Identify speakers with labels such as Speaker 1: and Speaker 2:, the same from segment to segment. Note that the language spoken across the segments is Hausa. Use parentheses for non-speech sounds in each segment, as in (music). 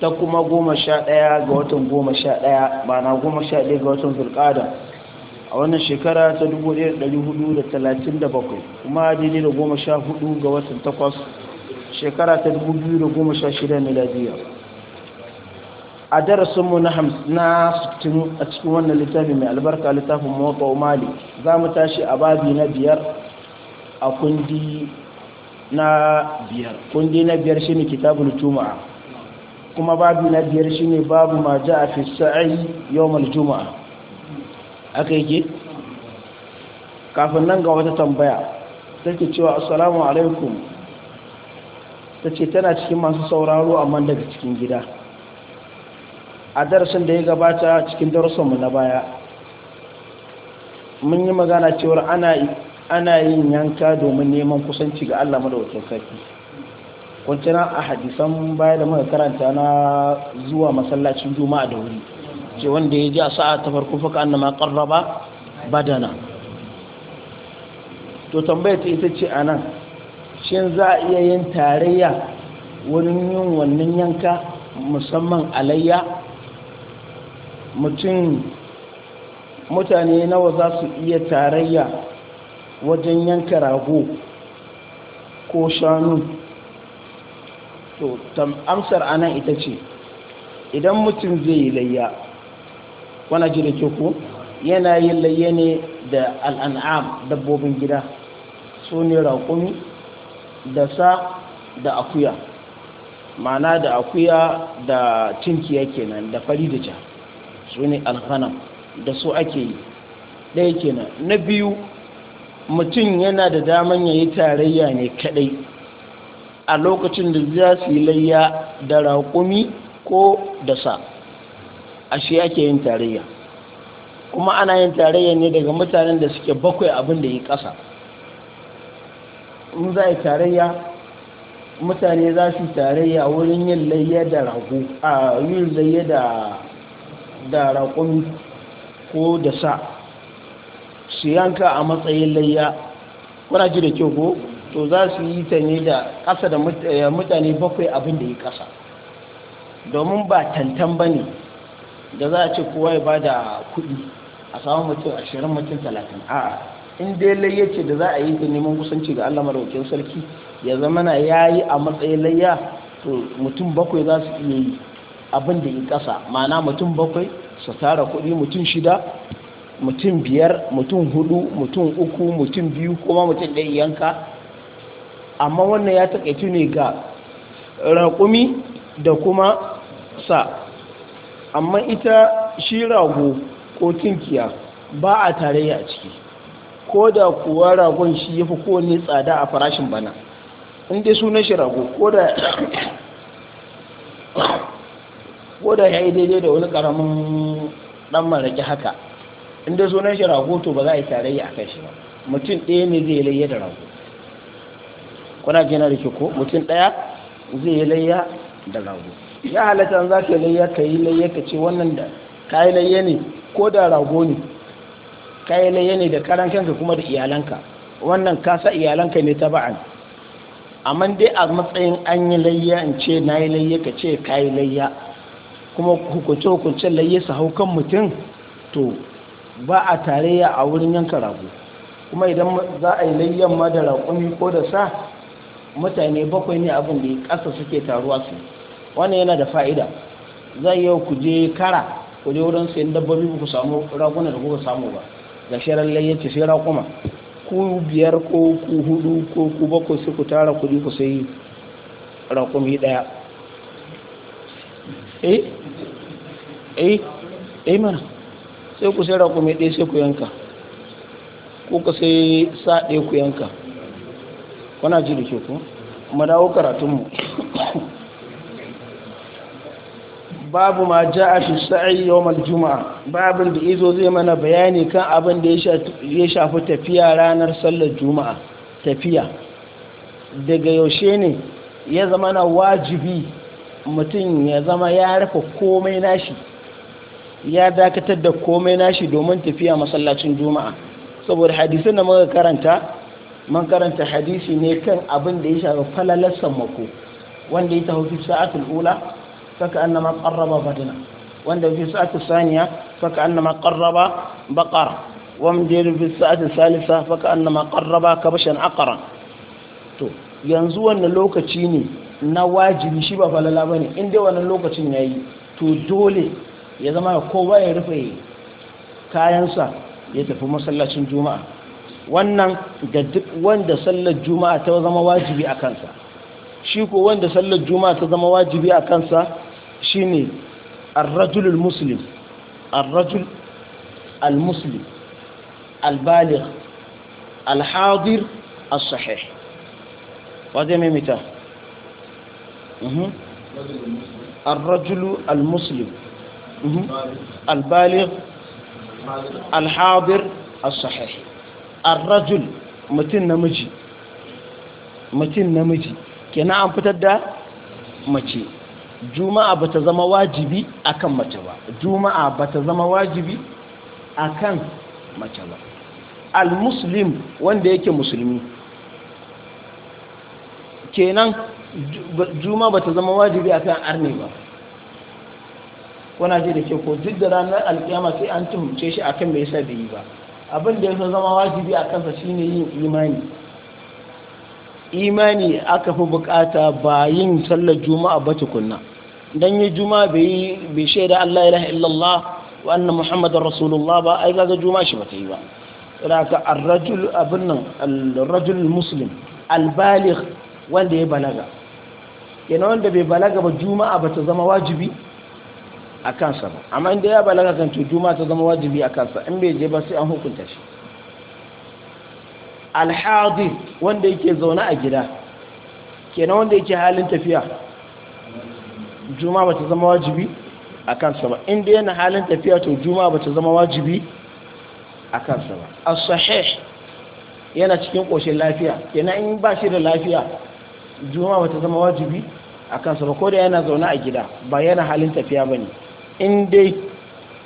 Speaker 1: ta kuma goma sha ɗaya ga watan goma sha ɗaya ba na goma sha ɗaya ga watan zulƙada a wannan shekara ta 1437 kuma daidai da goma sha hudu ga watan takwas shekara ta 2016 miladiya a darasin mu na 60 a cikin wannan littafin mai albarka littafin mota umali za mu tashi a babi na biyar a kundi na biyar kundi na biyar shi ne kitabun juma'a kuma babu na biyar shi ne babu ma ja a fi sa'i yawmal juma'a aka yake kafin nan ga wata tambaya ke cewa assalamu alaikum ta ce tana cikin masu sauraro amma daga cikin gida a darasin da ya gabata cikin darasinmu na baya mun yi magana cewar ana yin yanka domin neman kusanci ga allah madawacin sarki wancan a hadisan baya da muka karanta na zuwa masallacin juma'a da wuri ce wanda ya ji a sa'a ta farko faka annama karraba badana to tambayar ta ita ce nan, shin za a iya yin tarayya wurin yin wannan yanka musamman alayya mutum mutane nawa za su iya tarayya wajen yanka rago ko shanu to tam amsar anan ita ce idan mutum zai yi layya wana ji da kyau yana yin layya ne da al'an'am dabbobin gida su ne raƙumi da sa da akuya ma'ana da akuya da cinkiya kenan da fari da ja su ne alhanam da su ake yi ɗaya kenan na biyu mutum yana da daman ya yi tarayya ne kaɗai a lokacin da za su yi layya da raƙumi ko da sa a shi ake yin tarayya kuma ana yin tarayya ne daga mutanen da suke bakwai abin da yi ƙasa in za a yi tarayya mutane za su tarayya wurin yin layya da da raƙumi ko da sa su yanka a matsayin layya kuna ji da kyau ko to za su yi ta ne da ƙasa da eh, mutane bakwai abin da ya ƙasa domin ba tantan ba ne da za a ce kowa ya ba da kuɗi a samun mutum ashirin mutum talatin a in dai layya ce da za a yi ta neman kusanci ga allah maraukin sarki ya zama na ya yi a matsayin layya to mutum bakwai za su iya yi abin da ya ƙasa ma'ana mutum bakwai su tara kuɗi mutum shida mutum biyar mutum hudu mutum uku mutum biyu kuma mutum ɗaya yanka amma wannan ya takaitu ne ga raƙumi da kuma sa amma ita shi rago ko tinkiya ba a tarayya a ciki ko da kuwa ragon shi ya fi kowane tsada a farashin bana inda sunan shi rago ko da ya yi daidai da wani ƙaramin ɗan maraƙi haka inda sunan shi rago to ba za a yi tarayya a kai shi ba mutum ɗaya ne zai layya da rago kuna gina da ke ko mutum ɗaya zai yi layya da rago ya halatta an za ka yi layya ka yi layya ka ce wannan da ka yi layya ne ko da rago ne ka yi layya ne da karan kuma da iyalanka wannan ka sa iyalanka ne ta ba'an amma dai a matsayin an yi layya in ce na yi layya ka ce ka yi layya kuma hukunce hukuncen layya su hau kan mutum to ba a tarayya a wurin yanka rago kuma idan za a yi layyan ma da raƙumi ko da sa mutane bakwai ne abin da ya ƙasa suke taruwa su wannan yana da fa'ida zai yau ku je kara ku je wurin sayan dabbobi ku samu raguna da kuka samu ba ga shirar layyace sai raƙuma ku biyar ko ku hudu ko ku bakwai sai ku tara kuɗi ku sai raƙumi ɗaya eh eh eh mana sai ku sai raƙumi ɗaya sai ku yanka ko ka sai sa ɗaya ku yanka kuna ji da ke ku mu dawo karatunmu babu ma ja a fi sa'ayi yau juma'a babin da izo zai mana bayani kan abin da ya shafi tafiya ranar sallar juma'a tafiya daga yaushe ne ya zama na wajibi mutum ya zama ya rufe komai nashi ya dakatar da komai nashi domin tafiya masallacin juma'a saboda hadisun da muka karanta man karanta hadisi ne kan abin da ya shafi falalar sammako wanda ya taho fi sa'atul ula saka annama ƙarraba badana wanda fi sa'atul saniya saka annama qarraba baqara wa man dayru fi sa'atul salisa saka annama ƙarraba kabashin aqra to yanzu wannan lokaci ne na wajibi shi ba falala ba ne? Inda wannan lokacin ya yi? to dole ya zama kowa ya rufe kayansa ya tafi masallacin juma'a wannan ga duk wanda sallar juma'a ta zama wajibi a kansa shi ko wanda sallar juma'a ta zama wajibi a kansa shi ne rajulul muslim ar almuslim al-muslim al-baligh al-hadir as-sahih waje mai mita arrajul rajul mutum namiji mutum namiji kenan an fitar da mace juma'a bata zama wajibi akan mace ba juma'a bata zama wajibi akan mace ba al-muslim wanda yake musulmi kenan juma bata zama wajibi akan arne ba wana ji da ke ko duk da ranar alƙiyama sai an tumce shi akan me yasa bai yi ba abin da ya zama wajibi a kansa shine yin imani imani aka fi bukata ba yin sallar juma'a ba tukunna dan yi juma'a bai bai shaida Allah ilaha illallah wa anna muhammadar rasulullah ba ai kaga juma'a shi ta yi ba raka ar-rajul abin ar-rajul muslim al-baligh wanda ya balaga yana wanda bai balaga ba juma'a ba ta zama wajibi a kansa ba amma inda ya balaga kan to juma'a ta zama wajibi a kansa in bai je ba sai an hukunta shi alhadi wanda yake zaune a gida kenan wanda yake halin tafiya juma ba ta zama wajibi a kansa ba inda yana halin tafiya to juma ba ta zama wajibi a kansa ba as-sahih yana cikin koshin lafiya kenan in ba shi da lafiya juma ba ta zama wajibi a kansa ba ko da yana zaune a gida ba yana halin tafiya ba ne in dai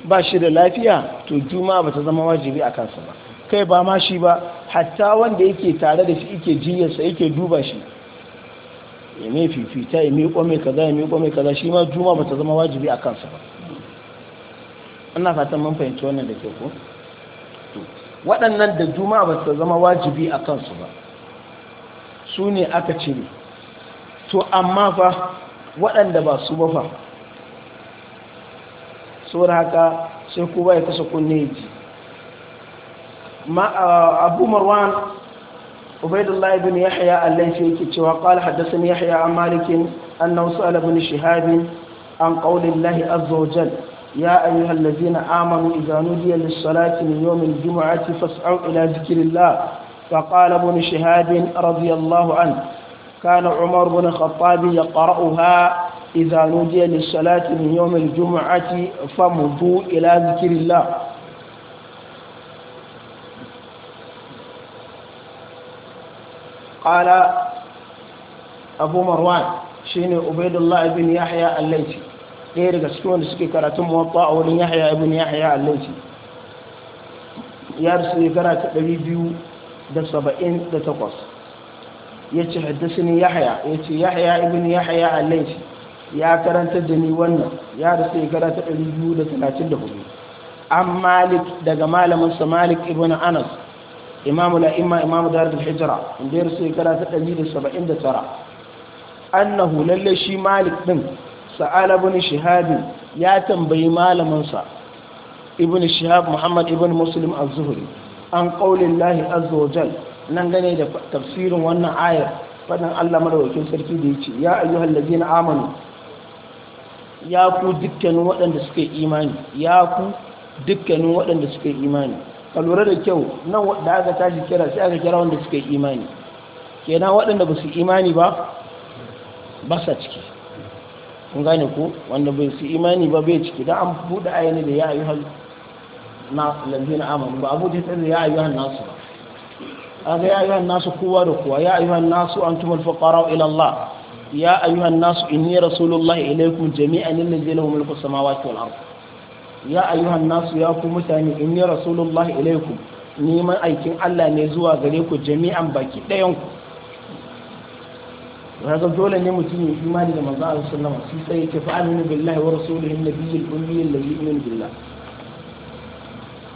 Speaker 1: ba shi da lafiya to juma'a ba ta zama wajibi a kansa ba kai ba ma shi ba hatta wanda yake tare da shi yake jiyarsa yake duba shi ya mai fifita ya mai kome kaza ya mai kome kaza shi ma juma'a ba ta zama wajibi a kansa ba Ana fatan mun fahimci wannan da ke ku. waɗannan da juma'a ba ta zama wajibi a kansu ba su ne aka cire to amma fa waɗanda ba su ba fa saboda haka sai kowa ya kasa kunne ya ji abu marwan ubaidullah ibn yahya al yake cewa qala haddathani yahya a malikin annahu sa'ala ibn an qawli allah azza wa jal ya ayyuhal ladzina amanu idza nudiya lis-salati min yawm ila jumati fas'au ila dhikrillah فقال ابن شهاب an الله umar كان عمر بن الخطاب يقرأها إذا نودي للصلاة من يوم الجمعة فمضوا إلى ذكر الله قال أبو مروان شيني عبيد الله بن يحيى الليثي غير قسكون سكي كراتم وطاء ولن يحيى بن يحيى الليثي يارسي كرات ريفيو دسبعين دتقص يتحدثني يحيى يتي يحيى ابن يحيى الليثي ya karantar da ni wannan ya rasu ya karanta 234 an malik daga malaminsa malik ibn anas imamu la'imma imamu darul hijira inda ya rasu ya karanta 179 annahu lalle shi malik din sa'ala ibn shihab ya tambayi malaminsa ibn shihab muhammad ibn muslim az-zuhri an qaulin lahi azza wa jal nan gane da tafsirin wannan ayar fadan Allah madaukakin sarki da ya ce. ya ayyuhallazina amanu ya ku dukkanin waɗanda suka imani ya ku dukkanin waɗanda suka imani ka lura da kyau nan da aka tashi kira sai aka kira wanda suka imani kenan waɗanda ba su imani ba ba sa ciki kun gane ku wanda bai su imani ba bai ciki da an buɗe ayyana da ya ayi hal na lalbi na amanu ba abu jita da ya ayi hal nasu ba aka ya ayi hal nasu kowa da kowa ya ayi hal nasu an tumul faqara ila يا أيها الناس إني رسول الله إليكم جميعا الذي له ملك السماوات والأرض يا أيها الناس يا كمتاني إني رسول الله إليكم neman aikin Allah ne zuwa gare ku jami'an baki ɗayanku haka dole ne mutum ya imani da manzo Allah sallama shi sai yake fa aminu billahi wa rasulihi nabiyil ummi allazi yu'minu billah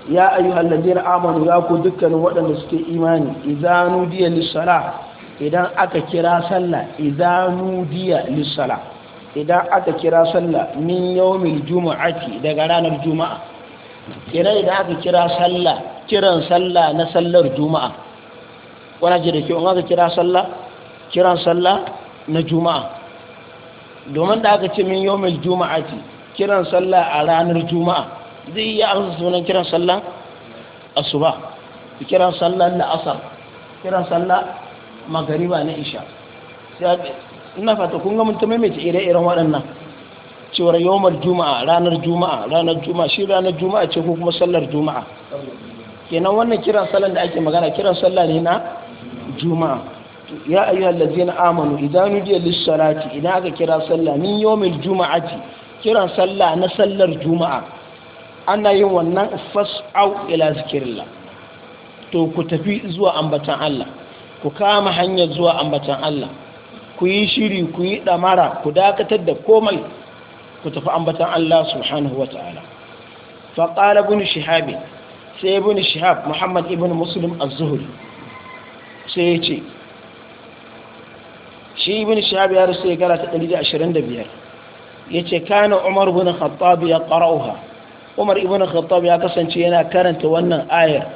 Speaker 1: ya ayyuhal ladina amanu ya ku dukkanin waɗanda suke imani idza idan aka kira sallah idan nudiya lissala idan aka kira sallah min yawmil juma'ati daga ranar juma'a kenan idan aka kira sallah kiran sallah na sallar juma'a wani ji da ke aka kira sallah kiran sallah na juma'a domin da aka ce min yawmil juma'ati kiran sallah a ranar juma'a zai iya amsa sunan kiran sallah asuba kiran sallah asar kiran sallah magariba na isha ina fata kun ga mun ta maimaita ire-iren waɗannan cewar yawon juma'a ranar juma'a ranar juma'a shi ranar juma'a ce ko kuma sallar juma'a kenan wannan kiran sallar da ake magana kiran sallar ne na juma'a ya halazi na amanu idan nudiya lis idan aka kira ni yawon juma'a ce, kiran sallar na sallar juma'a ana yin wannan fas'au ila zikirla, to ku tafi zuwa ambatan Allah ku kama hanyar zuwa ambatan Allah ku yi shiri ku yi ɗamara ku dakatar da komai ku tafi ambatan Allah subhanahu wa ta'ala faƙala bin shihabi sai bin shihab muhammad ibn muslim az-zuhri sai ya ce shi bin shihab ya rasu ya gara ta 125 ya ce kana umar bin khattab ya ƙarauha umar ibn khattab ya kasance yana karanta wannan ayar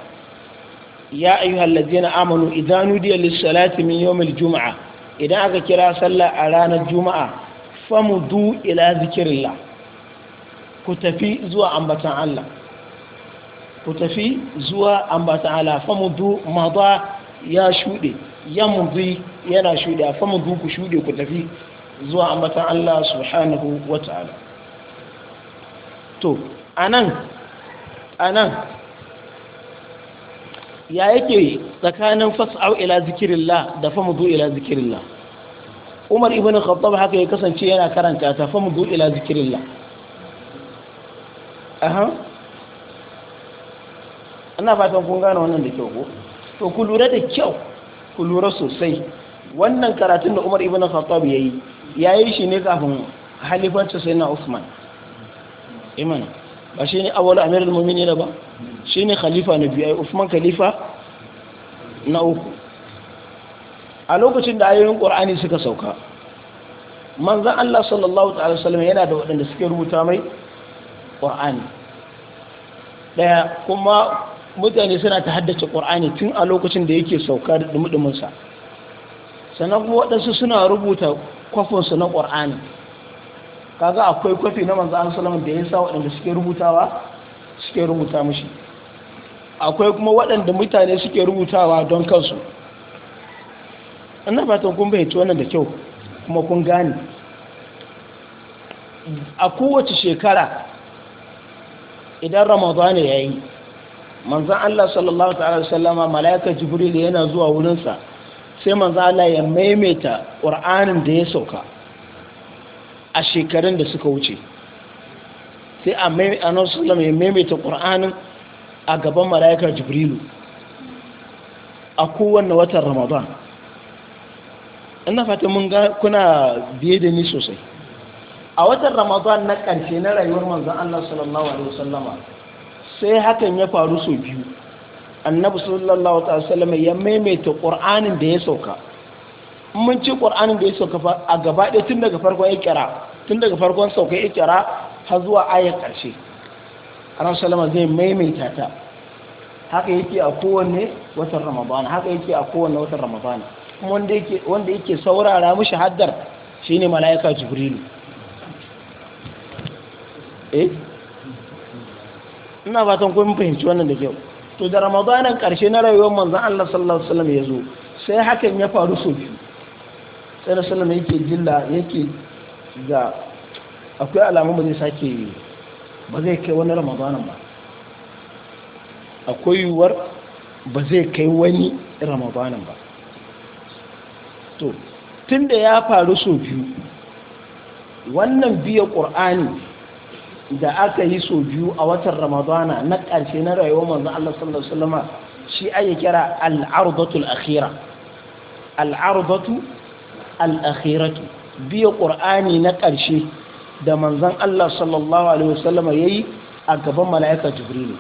Speaker 1: ya ayyuhal ladzina amanu idza nudiya lis-salati min yawmil idan aka kira sallah a ranar juma'a famudu ila zikrillah ku tafi zuwa ambatan Allah ku tafi zuwa ambatan Allah famudu madha ya shude yamdi yana shude famudu ku shude ku tafi zuwa ambatan Allah subhanahu to anan ya yake tsakanin fas'au ila zikirillah da famudu ila zikirillah umar ibn khattab haka ya kasance yana karanta ta famudu ila zikirillah aha ana fatan kun gane wannan da kyau ko to ku lura da kyau ku lura sosai wannan karatun da umar ibn khattab yayi yayi shi ne kafin halifanci sayyidina usman imana ba shi ne awal amirul na ba shi ne khalifa na biyu ai usman khalifa na uku a lokacin da ayoyin qur'ani suka sauka manzan Allah sallallahu ta'ala salama yana da waɗanda suke rubuta mai qur'ani ɗaya kuma mutane suna ta haddace qur'ani tun a lokacin da yake sauka da dumudumunsa. sa sannan kuma waɗansu suna rubuta kwafinsu na qur'ani kaga akwai kwafi na manzo Allah sallallahu alaihi wasallam da ya sa waɗanda suke rubutawa suke rubuta mishi akwai kuma waɗanda mutane suke rubutawa don kansu ina fatan kun bayyace wannan da kyau kuma kun gane a kowace shekara idan ramadan ya yi manzan Allah sallallahu ta'ala sallama mala'ika jibril yana zuwa wurinsa sai manzan Allah ya maimaita ƙur'anin da ya sauka a shekarun da suka wuce sai a anasulama ya maimaita ƙur'anin a gaban mala'ikar jibrilu a kowane watan ramadan ina fata mun ga kuna biye da ni sosai a watan ramadan na ƙarshe na rayuwar manzan allah sallallahu alaihi wasallama sai hakan ya faru sau biyu annabi sallallahu alaihi wasallama ya maimaita ƙur'anin da ya sauka mun ci ƙwar'anin da ya sauka a gaba ɗaya tun daga farkon kira tun daga farkon sauka kira har zuwa ayar ƙarshe ran salama zai maimaita ta haka yake a kowanne watan ramadana haka yake a kowanne watan ramadana wanda yake wanda yake saurara mushi haddar shine malaika jibrilu eh ina fatan kun fahimci wannan da kyau to da Ramadana ƙarshe na rayuwar manzan Allah sallallahu alaihi wasallam ya zo sai hakan ya faru sau biyu sai da sallama yake jilla yake ga akwai alamun ba zai sake yi ba zai kai wani ramadanin ba akwai yiwuwar ba zai kai wani ramadanin ba to tun da ya faru sau biyu wannan biya ƙur'ani da aka yi sau biyu a watan ramadana na ƙarshe na rayuwar manzan Allah sallallahu Alaihi wasallama shi ake kira al'arudatul akhira al'arudatu al'akhiratu biya ƙur'ani na ƙarshe da manzan Allah sallallahu Alaihi wasallama ya yi a gaban mala'ika jibrilu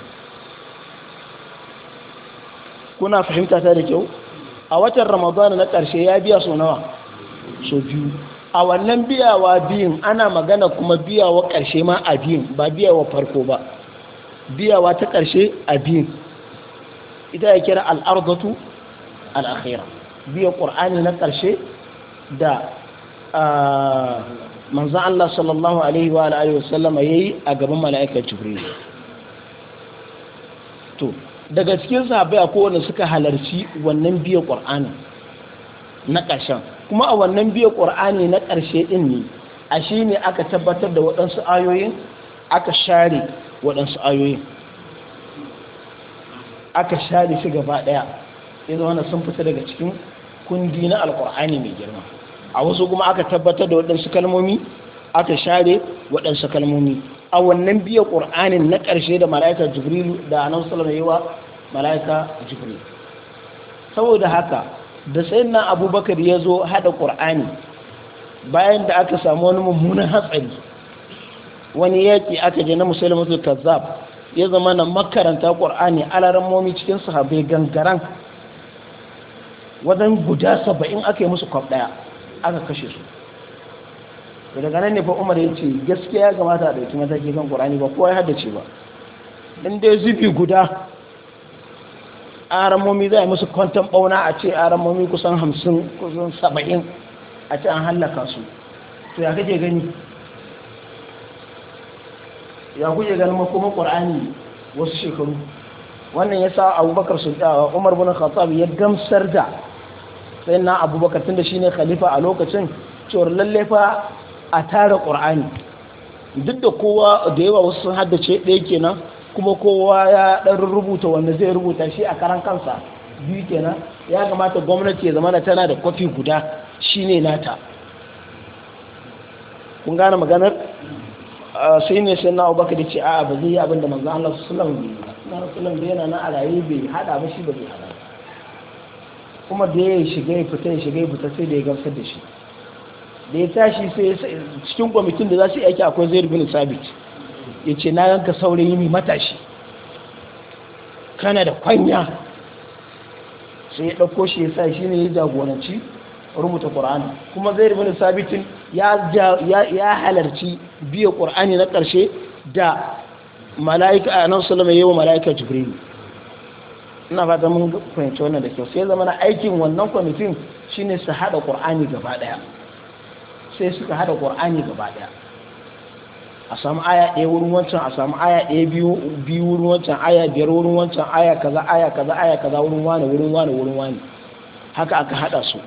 Speaker 1: kuna fahimta ta da kyau a watan ramadana na ƙarshe ya biya so nawa so biyu a wannan biyawa biyun ana magana kuma biyawa ƙarshe ma a biyun ba biyawa farko ba biyawa ta ƙarshe a biyun ita ya kira al'ardatu al'akhira biya ƙur'ani na ƙarshe da manzan Allah sallallahu alaihi wa sallama ya yi a gaban mala'ikar jibril to daga cikin sahabai a kowane suka halarci wannan biya ƙwar'ani na ƙarshen kuma a wannan biya ƙwar'ani na ƙarshe ɗin ne a ne aka tabbatar da waɗansu ayoyin aka share waɗansu ayoyin aka share shi gaba ɗaya Ina wannan sun fita daga cikin kundi na alƙur'ani mai girma a wasu kuma aka tabbatar da waɗansu kalmomi aka share waɗansu kalmomi a wannan biya ƙur'anin na ƙarshe da mala'ika jibrilu da anan salama yawa mala'ika Jibrilu. saboda haka da saina abubakar ya zo haɗa ƙur'ani bayan da aka samu wani mummunan hatsari wani yaƙi aka je na musulmatul kazzab ya zama na makaranta ƙur'ani alaran momi cikin sahabai gangaran wajen guda saba'in aka yi musu kwaf ɗaya aka kashe su da daga nan ne fa umar ya ce gaskiya ya kamata a ɗauki mataki kan ƙur'ani ba kowa ya haddace ba in dai zubi guda aramomi za a musu kwantan ɓauna a ce aramomi kusan hamsin kusan saba'in a ce an hallaka su to ya kake gani ya kuke ganin makoma ƙur'ani wasu shekaru wannan ya sa abubakar sultawa umar bin khattab ya gamsar da sayin na abubakar tun da shi ne khalifa a lokacin cewar lallefa fa a tara Kur'ani? duk da kowa da yawa wasu sun haddace ɗaya kenan kuma kowa ya ɗan rubuta wanda zai rubuta shi a karan kansa biyu kenan ya kamata gwamnati ya zamana tana da kwafi guda ne nata kun gane maganar sai ne sai na abubakar da ce a ba zai yi abinda manzo Allah sallallahu alaihi bai yana na a raye bai haɗa ba shi ba zai haɗa. kuma da ya shiga ya fita ya shiga ya fita sai da ya gamsar da shi da ya tashi sai cikin kwamitin da za su yi aiki akwai zai bin sabit ya ce na yanka saurin mai matashi kana da kwanya sai ya ɗauko shi ya sa shi ne ya jagoranci rubuta ƙur'ani kuma zai bin sabitin ya halarci biya ƙur'ani na ƙarshe da mala'ika a nan sulama yi wa mala'ika jibrilu ina fata mun fahimci wannan da kyau sai zama na aikin wannan kwamitin shine su hada qur'ani gaba daya sai suka hada qur'ani gaba daya a samu aya ɗaya wurin wancan a samu aya ɗaya biyu wurin wancan aya biyar wurin wancan aya kaza aya kaza aya kaza wurin wani wurin wani wurin wani haka aka hada su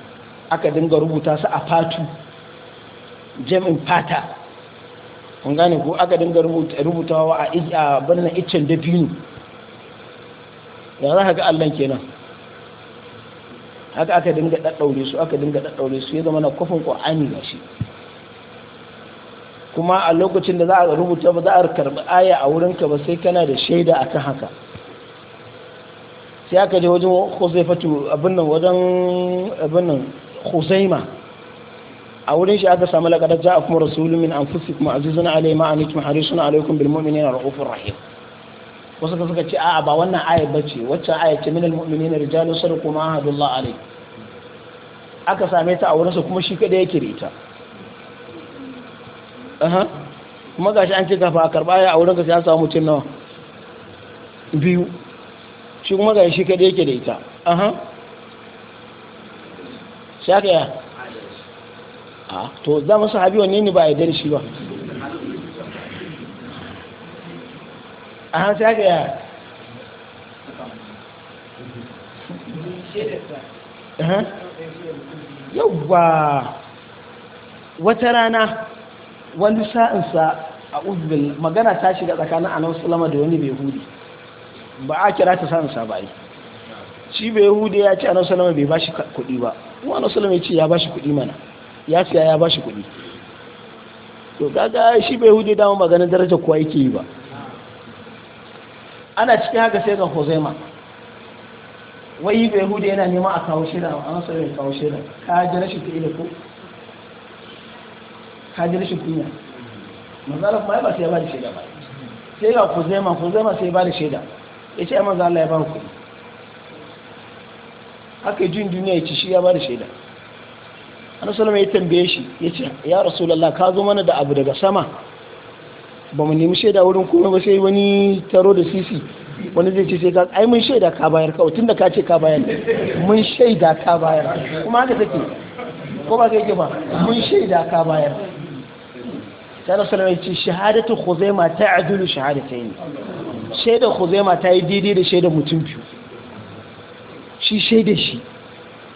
Speaker 1: aka dinga rubuta su a fatu jam'in fata kun gane ko aka dinga rubutawa a birnin iccen dabino ya za ka ga allon kenan haka aka dinga ɗaɗɗaure su aka dinga ɗaɗɗaure su ya zama na kofin ƙwa'ani ga shi kuma a lokacin da za a rubuta ba za a karɓi aya a wurinka ba sai kana da shaida a kan haka sai aka je wajen huzaifatu abin nan wajen abin nan huzaima a wurin shi aka samu laƙadar ja'a kuma rasulun min anfusikum azizun alayhi ma anitum harisun alaykum bil mu'minina rahufur rahim wasu ka suka ce a'a ba wannan ayat bace waccan ayat ce minal mu'minina rijalu sarqu ma hadullah alayhi aka same ta a wurinsa kuma shi kada yake da ita aha kuma gashi an ce kafa a karba ya a wurinka sai an samu mutum nawa biyu shi kuma gashi kada yake da ita aha shaka ya a to za mu sahabi wanne ne ba ya dare shi ba an sha ga yaya yauwa wata rana wani sa'insa a uzbin magana ta shiga tsakanin anan sulama da wani behudi ba a kira ta sa'insa ba yi shi behudi ya ce anan sulama bai ba shi kuɗi ba wani sulama ya ce ya ba shi kuɗi mana ya siya ya ba shi kuɗi to gaga shi behudi dama maganin darajar kuwa yake yi ba ana cikin haka sai ga Huzaima wai yi Yahudi yana nema a kawo shida a an sauya kawo shida ka ji rashin kuɗi da ku ka ji rashin kunya manzala kuma ba sai ya ba da shaida ba sai ga Huzaima Huzaima sai ya ba da shaida ya ce manzo Allah ya ba ku haka jin duniya ya ci shi ya ba da shaida Annabi sallallahu ya tambaye shi ya ce ya lalla ka zo mana da abu daga sama ba mu nemi shaida wurin kuma ba sai wani taro da sisi wani zai ce sai ka ai mun shaida ka bayar kawai tunda ka ce ka bayar mun shaida ka bayar kuma haka take ko ba kai ke ba mun shaida ka bayar sai rasul ya ce shahadatu khuzaima ta'dulu shahadatayn shaida khuzaima ta yi daidai da shaida mutum biyu shi shaida shi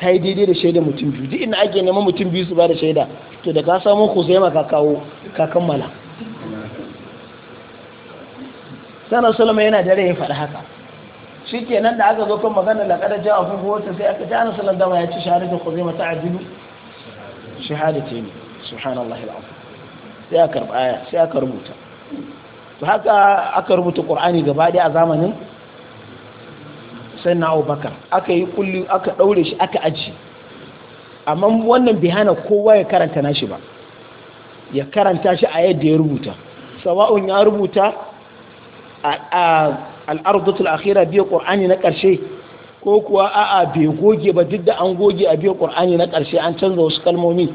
Speaker 1: ta yi daidai da shaida mutum biyu duk inda ake neman mutum biyu su ba da shaida to da ka samu khuzaima ka kawo ka kammala sanar salama yana dare ya faɗi haka shi ke nan da aka zo kan magana da ƙadar jawa kuma wata sai aka jana sanar dama ya ci shahadatin ko zai mata adilu ce ne subhanallah al'afu sai aka rubuta aya sai aka rubuta to haka aka rubuta ƙur'ani gaba ɗaya a zamanin sannan abubakar aka yi kulli aka ɗaure shi aka aji amma wannan bai hana kowa ya karanta nashi ba ya karanta shi a yadda ya rubuta sawa'un ya rubuta al'ardutul akhira biyu ƙur'ani na ƙarshe ko kuwa a'a bai goge ba duk da an goge a biya ƙur'ani na ƙarshe an canza wasu kalmomi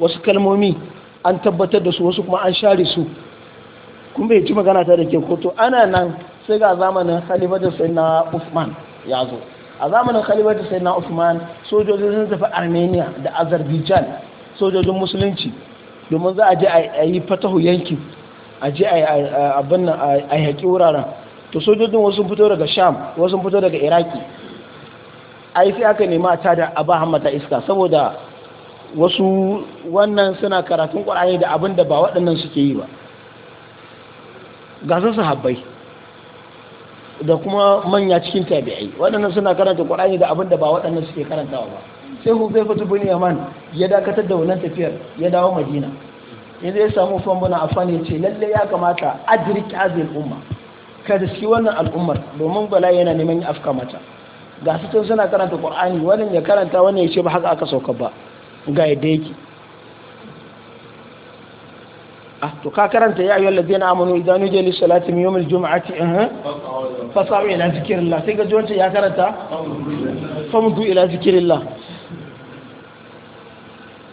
Speaker 1: wasu kalmomi an tabbatar da su wasu kuma an share su kuma bai ci magana ta da ke koto ana nan sai ga zamanin da sai na usman ya zo a zamanin da sai na usman sojojin sun tafi armenia da azerbaijan sojojin musulunci domin za a je a yi fatahu yankin a ji abin nan a haƙi wuraren to sojojin wasu fito daga sham wasu fito daga iraki ai sai aka nema a da a ba hamata iska saboda wasu wannan suna karatun ƙwararri da abin da ba waɗannan suke yi ba gasar sahabbai da kuma manya cikin tabi'ai waɗannan suna karanta ƙwararri da abin da ba waɗannan suke karantawa ba sai hufai fatu yaman ya dakatar da wannan tafiyar ya dawo madina in zai samu fambo na afan ya ce lalle ya kamata adrik azil al'umma ka shi wannan al'ummar domin bala yana neman ya afka mata ga su tun suna karanta qur'ani wannan ya karanta wannan ya ce ba haka aka sauka ba ga yadda yake a ah, to ka karanta ya yi wallazi na amunu idan nudiya lis salati min yawmil in eh uh-huh. fasawu ila la sai ga jonta ya karanta famdu ila la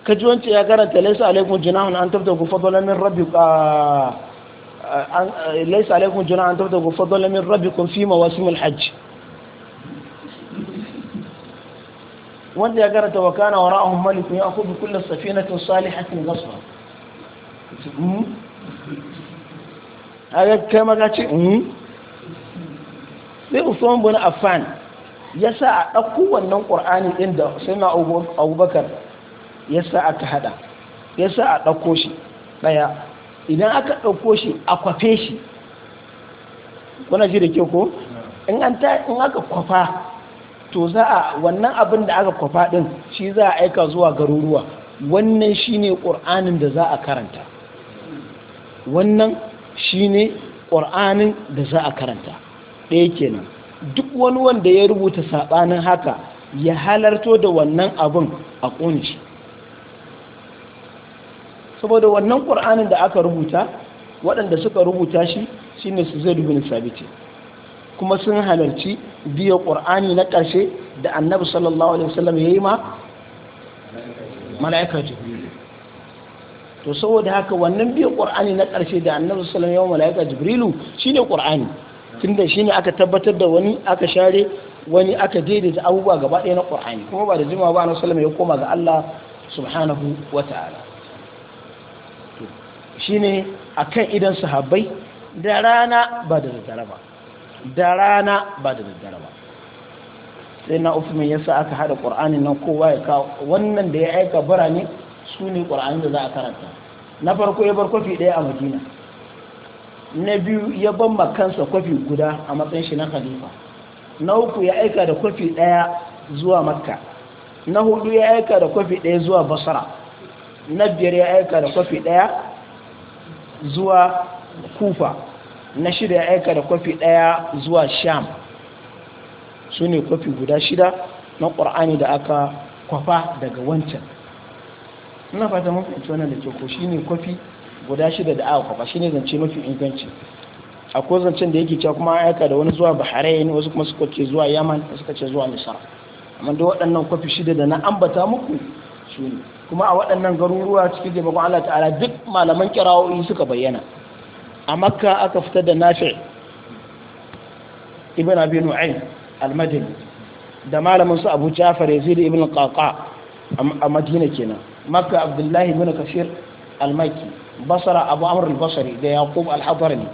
Speaker 1: kaji ji wance ya karanta laisa alaikum junahun an tabta ku fadola min rabbikum ah, ah, eh, laisa alaikun junahun an tabta ku fadola min rabbikum fi ma wasu mil hajji wanda ya karanta wa kana wa ra'ahun malikun ya ya'khudhu kull safinatin salihatin a hmm? ga kai maka ce hmm? sai usman bin affan ya sa a ɗauko wannan ƙur'ani ɗin da sai na abubakar yasa aka hada yasa a ɗauko shi ɗaya idan aka ɗauko shi a kwafe shi kuna ji da ke ko in aka kwafa to za a wannan abin da aka kwafa ɗin shi za a aika zuwa garuruwa wannan shi ne ƙur'anin da za a karanta wannan shi ne ƙur'anin da za a karanta ɗaya kenan duk wani wanda ya rubuta saɓanin haka ya halarto da wannan abin a ƙunshi saboda wannan ƙur'anin da aka rubuta waɗanda suka rubuta shi shine su zai dubin sabiti kuma sun halarci biya ƙur'ani na ƙarshe da annabi sallallahu alaihi wasallam ya yi ma mala'ika jibrilu. to saboda haka wannan biya ƙur'ani na ƙarshe da annabi sallallahu alaihi wasallam ya yi mala'ika jibrilu shine ƙur'ani tunda shine aka tabbatar da wani aka share wani aka daidaita abubuwa gaba ɗaya na ƙur'ani kuma ba da jimawa ba na sallama ya koma ga Allah subhanahu wa ta'ala shine kan idan sahabbai da rana ba da daddare ba da rana ba da daddare ba sai na ya yasa aka hada qur'ani nan kowa ya kawo wannan da ya aika birane su ne qur'ani da za a karanta na farko ya bar kwafi ɗaya a madina na biyu ya ban makansa kwafi guda a matsayin shi na khalifa na uku ya aika da kwafi ɗaya zuwa makka na hudu ya aika da kwafi ɗaya zuwa basara na biyar ya aika da kwafi ɗaya zuwa kufa na shida ya aika da kwafi ɗaya zuwa sham su ne kwafi guda shida na ƙwar'ani da aka kwafa daga wancan ina fata mafi wannan da ke ko shi ne kwafi guda shida da aka kwafa shi ne zance mafi inganci a ko zancen da yake cewa kuma aika da wani zuwa bahrain wasu kuma suka ce zuwa yaman suka ce zuwa misar amma da waɗannan kwafi shida da na ambata muku su ne kuma a waɗannan garuruwa cikin taimakon Allah ta'ala duk malaman kira'o'i suka bayyana a makka aka fitar da nafi ibn abi al-madini da malamin su abu jafar yazid ibn qaqa a madina kenan makka abdullahi ibn kafir al-makki basra abu amr al-basri da yaqub al-hadrami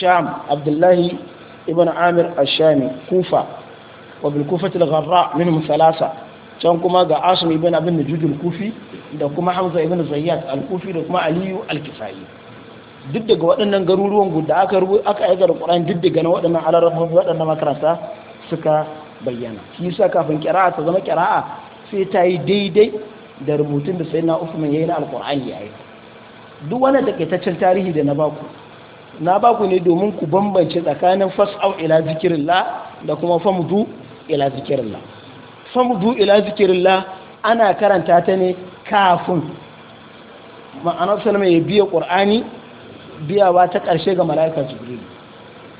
Speaker 1: sham abdullahi ibn amir al-shami kufa wa bil kufati al-gharra minhum thalatha can kuma ga asim ibn abin da al-kufi da kuma hamza ibn zayyad al-kufi da kuma aliyu al-kisayi duk daga waɗannan garuruwan guda aka aka aika da duk daga na waɗannan alarrafin waɗannan makaranta suka bayyana shi yasa kafin ƙira'a ta zama ƙira'a sai ta yi daidai da rubutun da sayyidina usman yi na al-qur'ani yayi duk ke takaitaccen tarihi da na baku na baku ne domin ku bambance tsakanin fas'au ila la da kuma famdu ila la. famdu ila zikirillah ana karanta ta ne kafin ma'ana salama ya biya ƙur'ani biyawa ta ƙarshe ga mala'ika jibrilu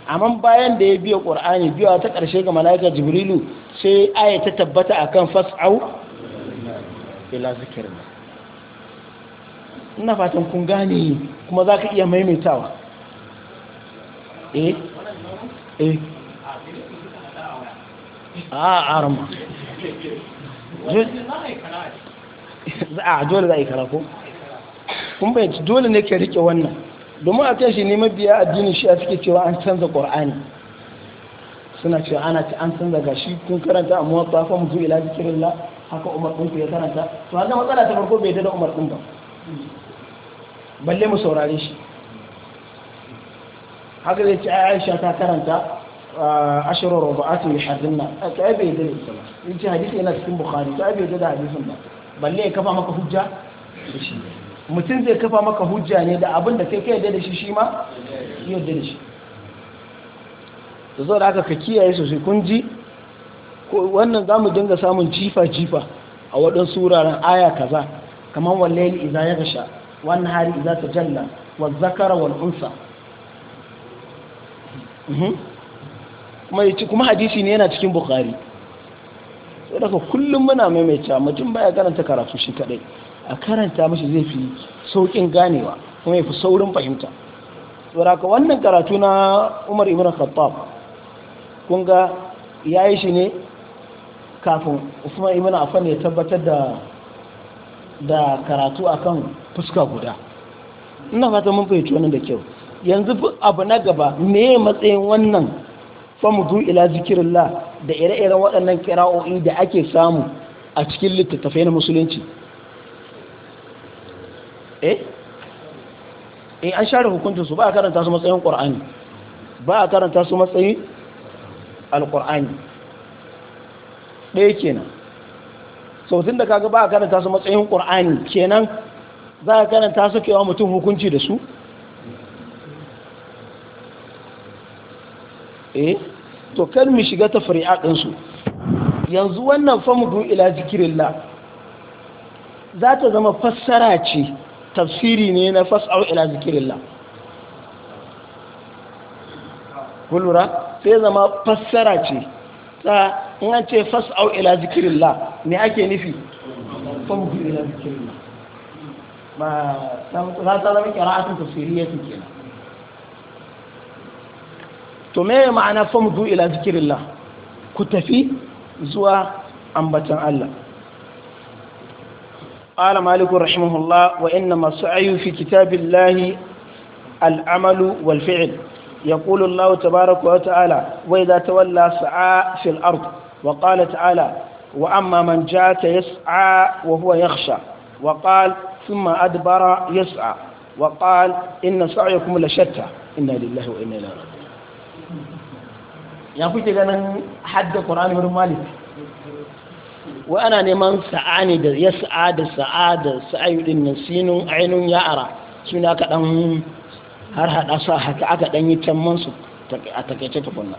Speaker 1: amma bayan da ya biya ƙur'ani biyawa ta ƙarshe ga mala'ika jibrilu sai aya ta tabbata akan fas'au ila zikirillah ina fatan kun gane kuma za ka iya maimaitawa eh eh a ah, arma dole za a yi kun bayanci dole ne ke rike wannan domin a kai shi ne mabiya addini shi a suke cewa an canza ƙor'ani suna cewa ana ce an canza ga shi kun karanta a muwatta zuwa mutu kirin la haka umar ɗin ya karanta to haka matsala ta farko bai da umar ɗin ba balle mu saurare shi haka zai ci aisha ta karanta ashirar rubu'atun ya shardin nan ta aibe yadda da ita ba in hadisi yana cikin bukari ta aibe yadda da hadisin ba balle ya kafa maka hujja mutum zai kafa maka hujja ne da abin da kai ka yadda da shi shi ma yadda da shi da zo da aka ka kiyaye sosai kun ji wannan za mu dinga samun jifa-jifa a waɗansu wuraren aya kaza kamar wallahi iza ya gasha wannan hari iza ta jalla wa zakara wal unsa kuma hadisi ne yana cikin bukari sai daga kullum muna maimaita mutum baya karanta karatu shi kadai a karanta mashi zai fi saukin ganewa kuma ya fi saurin fahimta saboda wannan karatu na Umar ibn Khattab kun ga yayi shi ne kafin Usman ibn Affan ya tabbatar da da karatu akan fuska guda ina fata mun fahimci wannan da kyau yanzu abu na gaba me matsayin wannan famudu ila zikirillah da ire-iren waɗannan kira'o'i da ake samu a cikin littattafai na musulunci eh eh an share hukuncin su ba a karanta su matsayin qur'ani ba a karanta su matsayin alqur'ani ɗaya kenan sautin da kaga ba a karanta su matsayin qur'ani kenan za a karanta su kewa mutum hukunci da su eh to kan mu shiga ta fari'a su yanzu wannan famudu ila zikrillah za ta zama fassara ce tafsiri ne na fas'au ila zikrillah kulura sai zama fassara ce ta in an ce fas'au ila zikrillah me ake nufi famudu ila zikrillah ba ta zama kira'atun tafsiriyya kenan to me ya ma'ana famdu ila zikirillah ku tafi zuwa ambatan Allah qala malik rahimahullah wa inna mas'ayu fi kitabillahi al'amalu wal fi'l يقول الله تبارك وتعالى وإذا تولى سعى في الأرض وقال تعالى وأما من جاءك يسعى وهو يخشى وقال ثم أدبر يسعى وقال إن سعيكم لشتى إنا لله وإنا إليه راجعون ya kuke nan hadda ƙorani wurin malik wa ana neman sa'a ne da ya sa'a da sa'a da sa'ayu din nan sinun ainun ya'ara suna aka dan har haɗa sa haka aka dan yi tamman su a takaice tukunna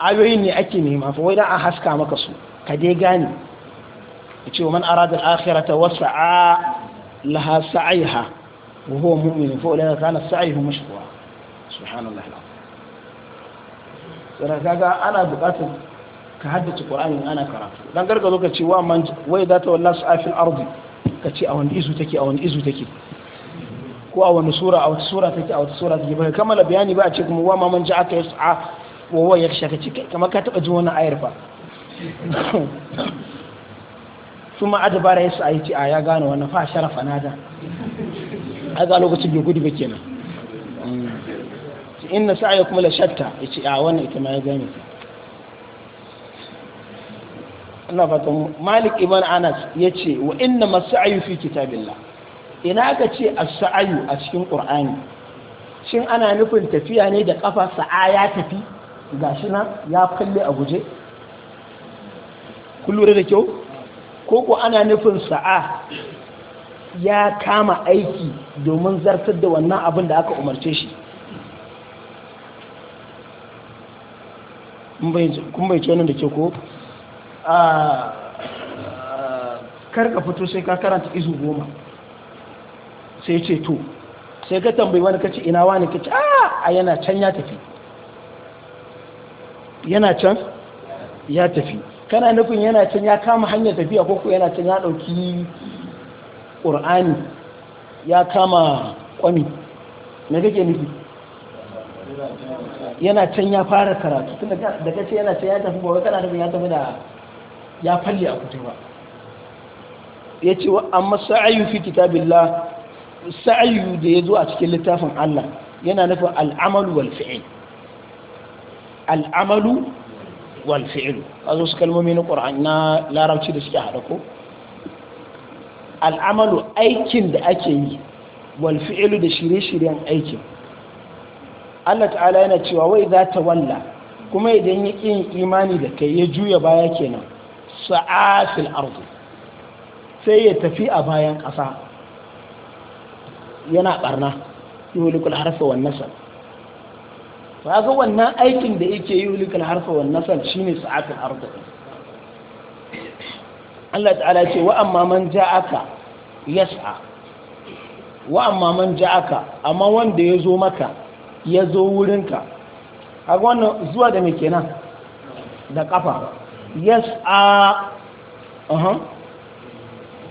Speaker 1: ayoyin ne ake nema fa wai dan a haska maka su ka dai gane yace man arada al-akhirata wa sa'a laha sa'iha wa huwa mu'min fa ulai kana sa'ihu mashkura subhanallahi sannan kaga ana buƙatar ka haddace qur'ani ana karatu dan zo ka ce wa man wai za ta wallahi sa'afil ardi ka ce a wani izu take a wani izu take ko a wani sura a wata sura take a wata sura take ba kammala bayani ba a ce kuma wa ma man yi yas'a wa ya yakhsha ka ce kamar ka taba jin wannan ayar fa kuma adabara yasa yi ce a ya gane wannan fa sharafa nada a ga lokacin bai gudu ba kenan inna sa'yakum la shatta yace a wannan ita ma ya gane Allah fatan Malik ibn Anas yace wa inna mas'ayu fi kitabillah ina ka ce as-sa'yu a cikin Qur'ani shin ana nufin tafiya ne da kafa sa'a ya tafi gashi nan ya falle a guje kun da kyau ko ko ana nufin sa'a ya kama aiki domin zartar da wannan abin da aka umarce shi kun bai ce wannan da ke ko a karka fito sai ka karanta izu goma sai ce to sai ka tambayi wani kaci ina wani kaci a yana can ya tafi yana can ya tafi kana nufin yana can ya kama hanyar tafiya ko yana can ya dauki ƙur'ani ya kama kwami me kake nufi
Speaker 2: yana can ya
Speaker 1: fara karatu tun da ce yana can ya tafi ba kana da ya tafi da ya falle a kutu ba ya ce wa amma sa'ayu fi kitabillah sa'ayu da ya zo a cikin littafin Allah yana nufin al'amalu wal fi'il al'amalu wal fi'il a zo su kalmomi na ƙur'an na larabci da suke haɗa ko al'amalu aikin da ake yi wal fi'ilu da shirye-shiryen aikin Allah ta'ala yana cewa wai za ta walla kuma idan ya ƙin imani da kai ya juya baya kenan sa'afil ardu sai ya tafi a bayan ƙasa yana barna yulikul harfa wan nasar, ba ga wannan aikin da yake yulikul harfa wan nasal shine sa'afil ardu Allah ta'ala ce wa amma man ja'aka yas'a wa amma man ja'aka amma wanda ya zo maka ya zo wurinka a wannan zuwa da mai kenan da kafa yes a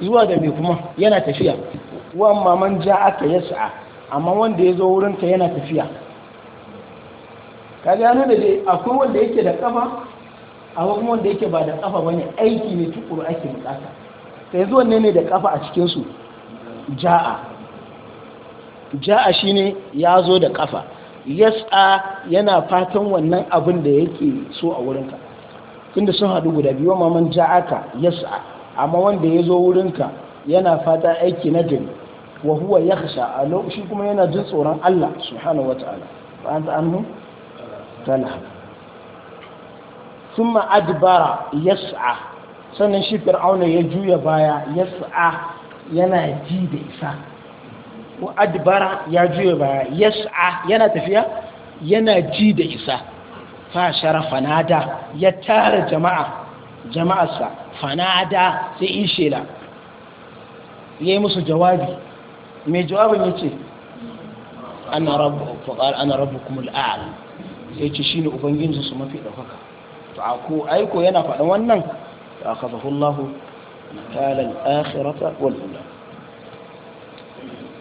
Speaker 1: zuwa da mai kuma yana tafiya wan maman ja aka yes a amma wanda ya zo wurinka yana tafiya ka gano da dai akwai wanda yake da kafa akwai kuma wanda yake ba da kafa bane aiki ne tukuru ake bukata sai zuwa ne ne da kafa a cikinsu ja'a ja'a shine ya zo da kafa yas'a yana fatan wannan abin da yake so a wurinka tunda sun haɗu guda biyu ma man ja'aka yas'a amma wanda ya zo wurinka yana fata aiki na gari wa huwa yakhsha a lokaci kuma yana jin tsoron Allah subhanahu wata'ala fa anta anhu talha thumma adbara yas'a sannan shi fir'auna ya juya baya yas'a yana ji da isa wa adbara ya juya baya yas'a yana tafiya yana ji da isa fa shara fanada ya tara jama'a jama'arsa fanada sai in shela ya yi musu jawabi mai jawabin ya ce ana rabu kuma al'al sai ce shi ne ubangijinsu su mafi ɗaukaka to a ko aiko yana faɗin wannan da aka zahullahu ta'ala al'akhirata wal'ula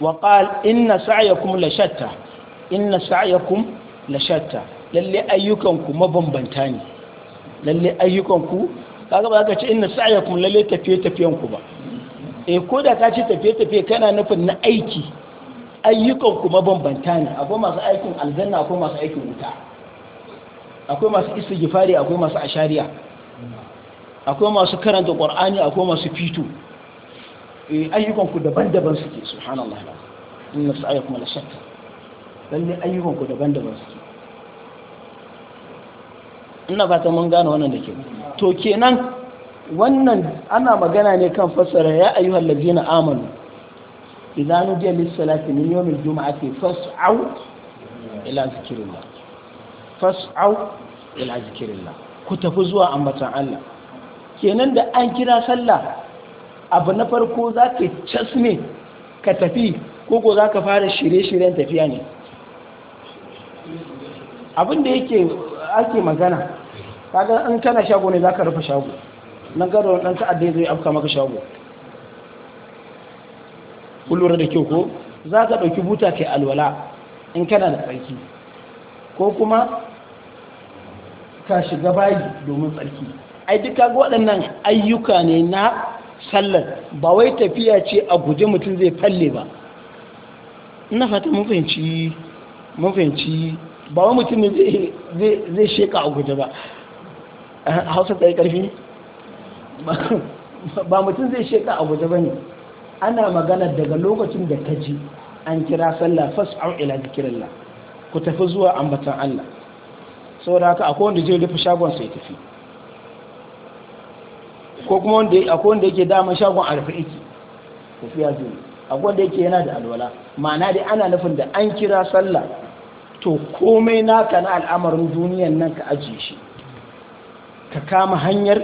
Speaker 1: وقال إن سعيكم لشتى إن سعيكم لشتى للي أيكمكم مبنبنتاني للي أيكمكم kaga ba ka ce inna sa'yakum lalle tafiye tafiyen ku ba E, ko da ka ce tafiye tafiye kana nufin na aiki ayyukan ku mabambanta ne akwai masu aikin aljanna akwai masu aikin wuta akwai masu istighfari akwai masu ashariya akwai masu karanta qur'ani akwai masu fito Eh, ayyukanku daban-daban suke subhanallah inna kuma na shakka, lalle ayyukanku daban-daban suke ina fata mun gane wannan da ke to kenan wannan ana magana ne kan fassara ya ayyuhal ladina amanu idza nudiya lis salati min juma'a jum'ati fas'au ila zikrillah fas'au ila zikrillah ku tafi zuwa ambatan Allah kenan da an kira sallah abu na farko za ka casme ka tafi koko za ka fara shirye-shiryen tafiya ne abin da yake ake magana kaga in kana shago ne za ka rufe shago nan gado ɗan ta'adda zai afka maka shago kullura da kyau ko za ka ɗauki buta ke alwala in kana da tsarki ko kuma ka shiga bayi domin tsarki ai duka waɗannan ayyuka ne na sallar ba wai tafiya ce a guje mutum zai falle ba ina fata mun fahimci mun fahimci ba wai mutum zai zai sheka a guje ba a hausa ta yi karfi ba mutum zai sheka a guje ba ne ana magana daga lokacin da ta ji an kira sallah fas'au ila zikrillah ku tafi zuwa ambatan Allah saboda haka akwai wanda zai rufe shagon sai tafi ko kuma wanda akwai wanda yake dama shagon arfa iki tafiya zuwa akwai wanda yake yana da alwala ma'ana dai ana nufin da an kira sallah to komai naka na al'amarin duniyan nan ka ajiye shi ka kama hanyar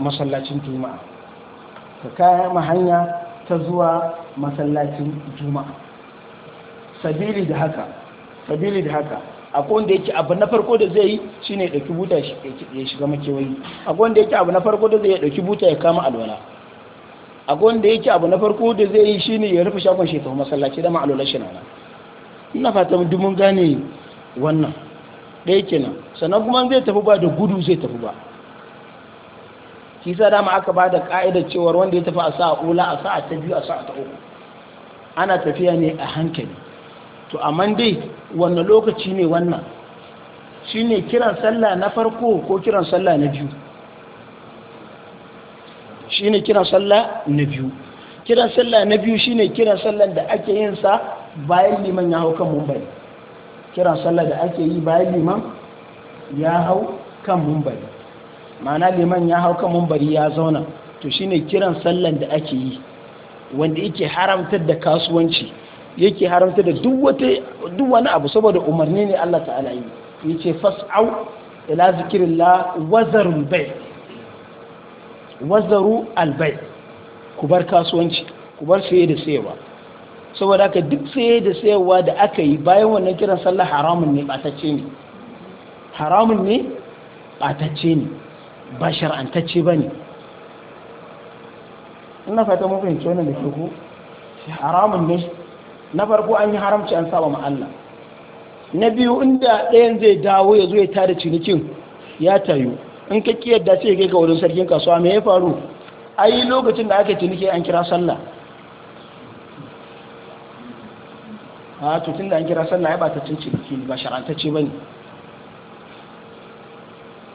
Speaker 1: masallacin juma'a ka kama hanya ta zuwa masallacin juma'a sabili da haka sabili da haka akwai wanda yake abu na farko da zai yi shine ya dauki buta ya shiga makewayi akwai wanda yake abu na farko da zai ya dauki buta ya kama alwala akwai wanda yake abu na farko da zai yi shine ya rufe shagon shi tafi masallaci da ma'alolar shi nana ina fata mun dumun gane wannan ɗaya kenan sannan kuma zai tafi ba da gudu zai tafi ba kisa sa dama aka ba da ka'idar cewar wanda ya tafi a sa'a ula a sa'a ta biyu a sa'a ta uku ana tafiya ne a hankali to amma dai wannan lokaci ne wannan shine kiran sallah na farko ko kiran sallah na biyu shine kiran sallah na biyu kiran sallah na biyu shine kiran sallah da ake yin sa bayan liman ya hau kan mumbai kiran sallah da ake yi bayan liman ya hau kan mumbai ma'ana liman ya hau kan mumbari ya zauna to shine kiran sallah da ake yi wanda yake haramtar da kasuwanci yake haramta da duk wata duk wani abu saboda umarni ne Allah ta'ala yi ce fas'au ila la wazaru bay wazaru albai ku bar kasuwanci ku bar saye da sayarwa saboda aka duk saye da sayarwa da aka yi bayan wannan kiran sallah haramun ne batacce ne haramun ne batacce ne ba shar'antacce ne ina fata mafi fahimci wannan da ke ku haramun ne na farko an yi haramci an sawa ma'alla Allah na biyu inda ɗayan zai dawo ya zo ya tare cinikin ya tayu in ka kiyar ce sai kai ga wurin sarkin kasuwa me ya faru ai lokacin da aka ciniki an kira sallah a to da an kira sallah ya ba ta ciniki ba shar'antacce ne.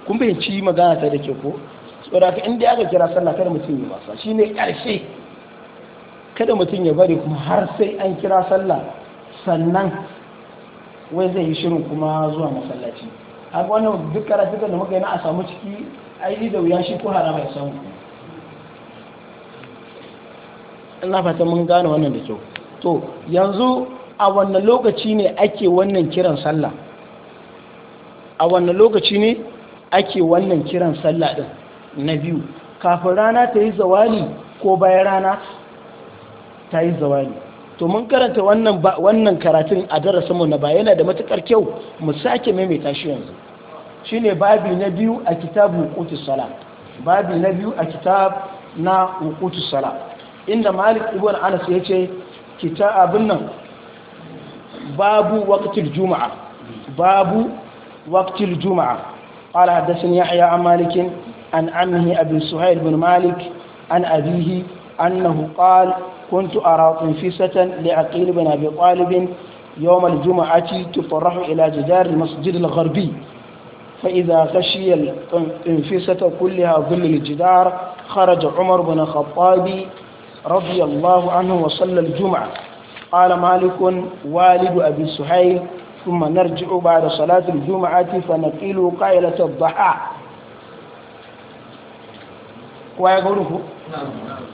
Speaker 1: kun bai ci magana ta da ke ko tsoraka inda aka kira sallah kada mutum ya wasa ne ƙarshe kada mutum ya bari kuma har sai an kira sallah sannan wai zai yi shirin kuma zuwa masallaci a wani duk karatukan da muka yi na a samu ciki aini da wuya shi ko harama ya samu ina fata mun gane wannan da kyau to yanzu a wannan lokaci ne ake wannan kiran sallah a wannan lokaci ne ake wannan kiran sallah din na biyu kafin rana ta yi zawali ko bayan rana ta yi zawali to mun karanta wannan wannan karatun a darasinmu na ba yana da matukar kyau mu sake maimaita shi yanzu shine babi na biyu a kitab hukutus sala babi na biyu a kitab na hukutus sala inda malik ibn anas yace abin nan babu waqtil juma'a babu waqtil juma'a قال حدثني يحيى an مالك an عمه أبي سهيل bin malik an abihi أنه قال كنت أرى طنفسة لعقيل بن أبي طالب يوم الجمعة تطرح إلى جدار المسجد الغربي فإذا غشي الطنفسة كلها ظل الجدار خرج عمر بن الخطاب رضي الله عنه وصلى الجمعة قال مالك والد أبي سهيل ثم نرجع بعد صلاة الجمعة فنقيل قائلة الضحى ويقوله نعم, نعم.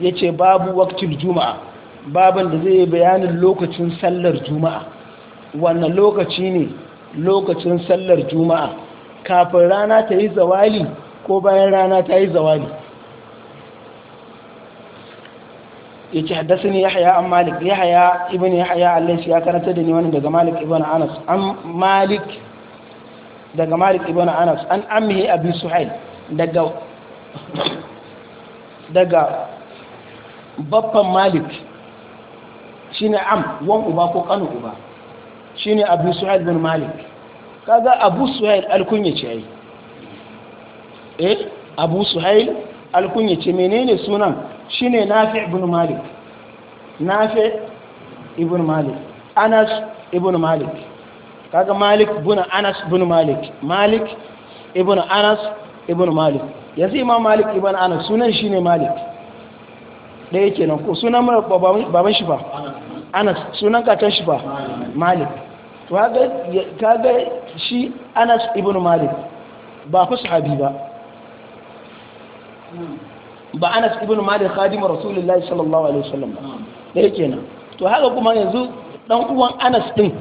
Speaker 1: ya ce babu waktil juma'a baban da zai bayanin lokacin sallar juma'a wannan lokaci ne lokacin sallar juma'a kafin rana ta yi zawali ko bayan rana ta yi zawali ya ce haddasa ne yahaya an malik yahaya ibn yahaya ne ya karanta da ne wani daga malik ibn anas an malik daga malik ibn anas an amhi abin suhail daga Babban malik shine am wan uba ko kanu uba shine abu suhail bin malik kaga abu suhail alkunya ce ai eh abu suhail alkunya ce menene sunan shine nafi ibn malik nafi ibn malik anas ibn malik kaga malik bin anas bin malik malik ibn anas ibn malik yanzu imam malik ibn anas sunan shine malik ɗaya kenan ko sunan mara baban shi ba anas sunan kakan shi ba malik ka kaga shi anas ibn malik ba ku sahabi ba ba anas ibn malik khadimu rasulullahi sallallahu alaihi wasallam ba ɗaya kenan to haka kuma yanzu dan uwan anas din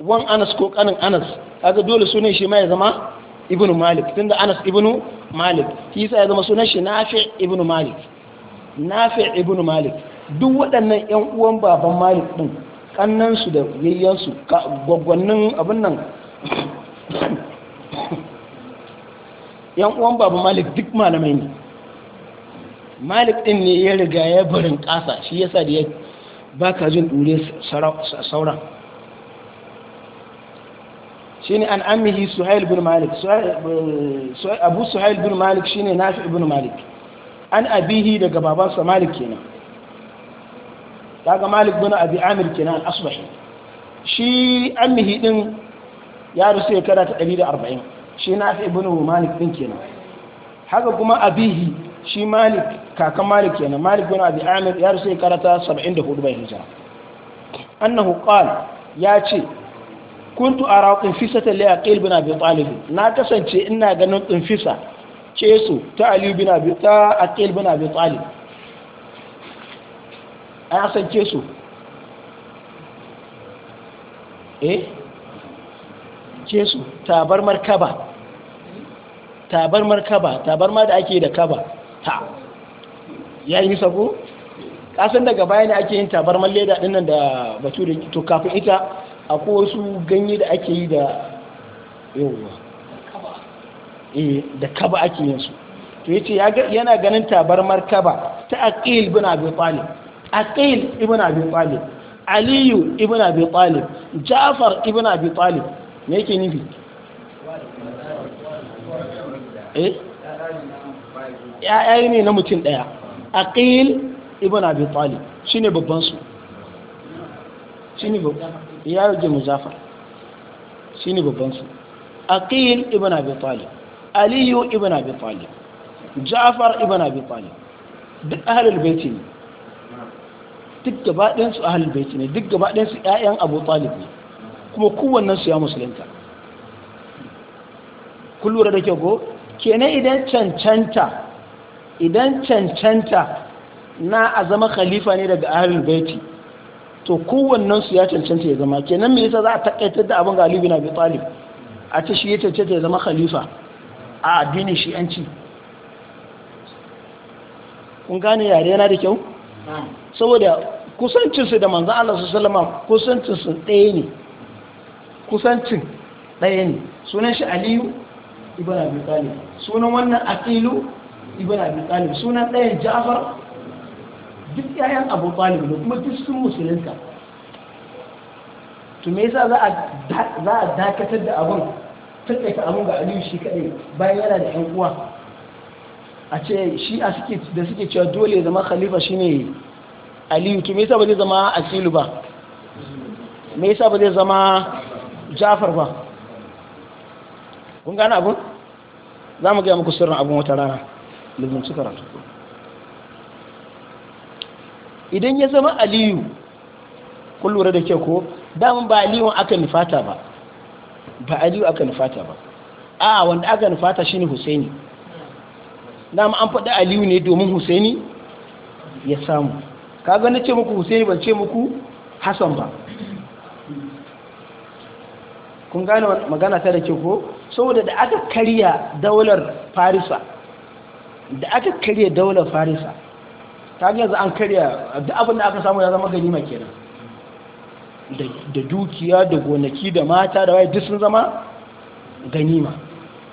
Speaker 1: wan anas ko kanin anas kaga dole sunan shi ma ya zama ibn malik tunda anas ibn malik shi yasa ya zama sunan shi nafi ibn malik nafi ibn malik duk waɗannan yan uwan baban malik din kannansu da yayyansu gwaggwannin abin nan yan (coughs) uwan baban malik duk malamai ne malik din ne ya riga ya barin ƙasa shi yasa da ya baka jin dure sauran shine an amihi suhail bin malik abu suhail bin malik shine nafi ibn malik an abihi daga babansa malik kenan kaga malik bin abi amir kenan asbahi shi amihi din ya rusu shekara ta 140 shi nafi ibn malik din kenan haka kuma abihi shi malik kakan malik kenan malik bin abi amir ya rusu shekara ta 74 bai hijira annahu qala ya ce kuntu ara qinfisatan li aqil bin abi talib na kasance ina ganin qinfisa ce su ta aliyu bin abi ta aqil bin tsali a ya san ce su eh ce su tabar markaba tabar markaba tabar ma da ake da kaba ta nisa ko kasan daga baya ne ake yin tabarmar leda din nan da batu da to kafin ita akwai wasu ganye da ake yi da yawwa Eh, da kaba ake yin su to yace yana ganin tabar markaba ta aqil ibn abi talib aqil ibn abi talib aliyu ibn abi talib ja'far ibn abi talib me yake nufi eh ai ne na mutum daya aqil ibn abi talib shine babban su shine babban ya yi muzafar shine babban su aqil ibn abi talib aliyu ibn abi talib ja'far ibn abi talib duk ahlul baiti ne duk gaba ɗayan su ahlul baiti ne duk gaba ɗayan su ƴaƴan abu talib ne kuma kowannen su ya musulunta kun lura da kyau ko kenan idan cancanta idan cancanta na a zama khalifa ne daga ahlul baiti to kowannen su ya cancanta ya zama kenan me yasa za a takaitar da abin galibi na bi talib a ce shi ya cancanta ya zama khalifa a addinin shi'anci kun gane yare yana da kyau saboda kusancinsu da manzan Allah su salama kusancinsu ɗaya ne kusancin ɗaya ne sunan shi aliyu ibn abi talib sunan wannan aqilu ibn abi talib sunan ɗayan ja'far duk yayan abu talib ne kuma duk sun musulunta to me yasa za a dakatar da abin takaita abin ga aliyu shi kadai bayan yana da yan uwa a ce shi a suke da suke cewa dole zama khalifa shine aliyu to me yasa ba zai zama asilu ba me yasa ba zai zama jafar ba kun gane abun za mu gaya muku sirrin abun wata rana lizinci karatu idan ya zama aliyu kun lura da ke ko damun ba aliyun aka nufata ba ba aliyu aka nufata ba a wanda aka nufata shine husaini dama an faɗi aliyu ne domin husaini ya samu ka na ce muku husaini ban ce muku hassan ba kun gane magana ta da ke ko saboda da aka karya daular farisa da aka karya daular farisa ta yanzu an karya da abin da aka samu ya zama ganima kenan da dukiya da gonaki da mata da waye duk sun zama ganima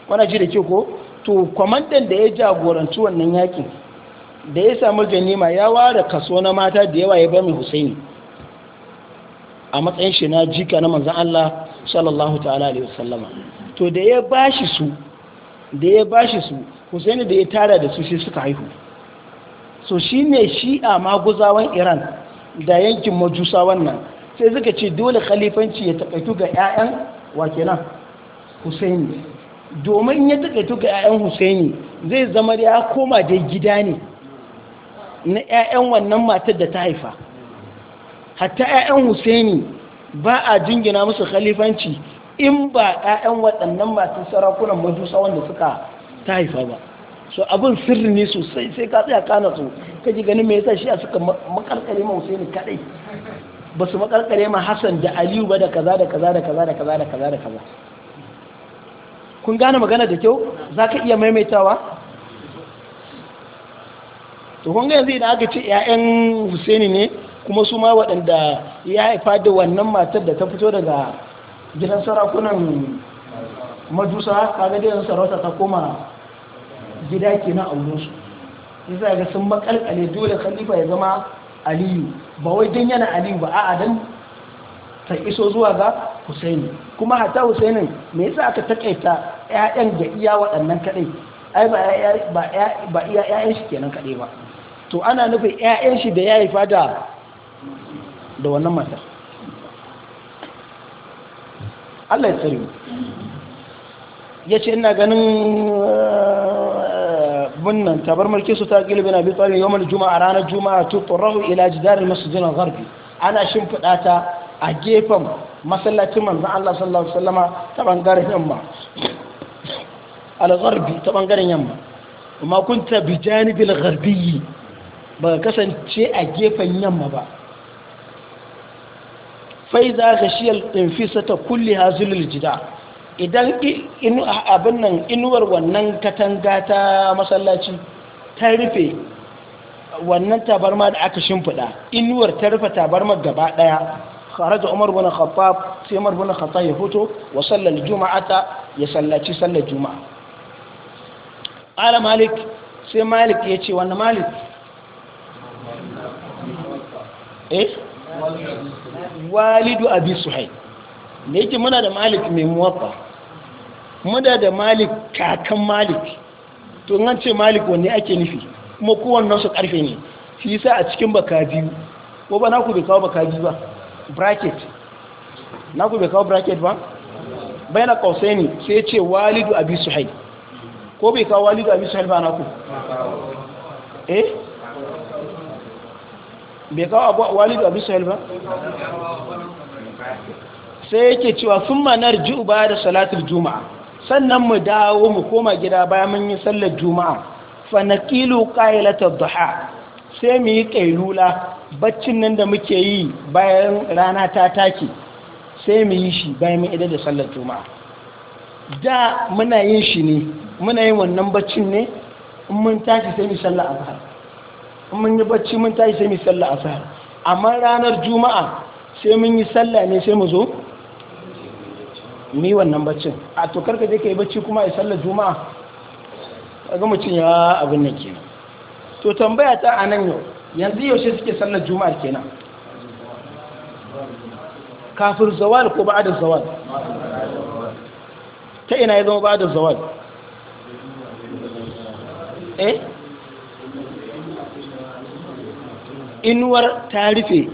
Speaker 1: wannan ji da ke ko to kwamandan da ya jagoranci wannan yakin da ya samu ganima ya ware kaso na mata da yawa ya ba mai husaini a matsayin shi na jika na manzan Allah sallallahu ta'ala alaihi wasallama to da ya bashi su da ya bashi su husaini da ya tara da su sai suka haihu so shine shi'a maguzawan iran da yankin majusa wannan sai suka ce dole khalifanci ya takaitu ga 'ya'yan wa nan, husaini domin ya takaitu ga 'ya'yan husaini zai zama ya koma dai gida ne na 'ya'yan wannan matar da ta haifa hatta 'ya'yan husaini ba a jingina musu khalifanci in ba 'ya'yan waɗannan masu sarakunan majusa wanda suka ta haifa ba so abin sirri ne sosai sai ka tsaya kana so ka ji ganin mai yasa shi a suka makarkare ma husaini kadai ba su makarkare ma Hassan da Aliyu ba da kaza da kaza da kaza da kaza da kaza da kaza kun gane magana da kyau za ka iya maimaitawa to kun yanzu idan aka ce 'ya'yan Hussaini ne kuma su ma waɗanda ya haifa da wannan matar da ta fito daga gidan sarakunan majusa kaga gidan sarauta ta koma gida kenan a Yanzu ya ga sun makalkale dole khalifa ya zama aliyu ba wai don yana aliyu ba a don ta iso zuwa ga husaini kuma hata husainin mai yasa aka takaita 'ya'yan da iya waɗannan kaɗai ai ba iya ya'yan shi kenan kaɗai ba to ana nufin 'ya'yan shi da ya haifa da da wannan matar Allah ya tsari ya ce ina ganin eh, bunnan mulki su ta gilbin abi tsari yau mal juma'a ranar juma'a tutturahu ila jidarin masu al-gharbi ana shimfiɗa ta a gefen masallacin manzan Allah sallallahu alaihi wasallama ta bangaren yamma al-gharbi ta bangaren yamma amma ta bi janibil gharbiyyi ba kasance a gefen yamma ba faiza gashiyar infisa ta kulli hazulul jida idan abin nan inuwar wannan katanga ta masallaci ta rufe wannan tabarma da aka shimfiɗa inuwar ta rufe tabarma gaba ɗaya kharaja umar bin khattab sai umar bin khattab ya fito wa sallal juma'ata ya sallaci sallar juma'a ala malik sai malik ya ce wannan malik eh walidu abi suhaib ne yake muna da malik mai muwaffa muda da malik kakan malik to an ce malik wanne ake nufi kuma kowannen su karfe ne shi yasa a cikin baka biyu ko ba naku bai kawo baka biyu ba bracket naku bai kawo bracket ba bayana kausaini sai ya ce walidu abi suhai ko bai kawo walidu abi suhai ba naku eh bai kawo walidu abi suhai ba sai yake cewa sun manar ju'u ba da salatul juma'a sannan mu dawo mu koma gida bayan mun yi sallar juma'a fa naqilu qailata duha sai mu yi kailula baccin nan da muke yi bayan rana ta take sai mu yi shi bayan mun idar da sallar juma'a da muna yin shi ne muna yin wannan baccin ne in mun tashi sai mu sallar asar in mun yi bacci mun tashi sai mu sallar asar amma ranar juma'a sai mun yi sallah ne sai mu zo mi wannan baccin a to karka zai ka yi bacci kuma ya sallar juma'a ga mutum ya abin nan kenan to tambaya ta a nan yau yanzu yaushe suke sallar juma'ar kenan Kafin zawal ko da zawal ta ina ya zama da zawal
Speaker 2: eh inuwar ta rufe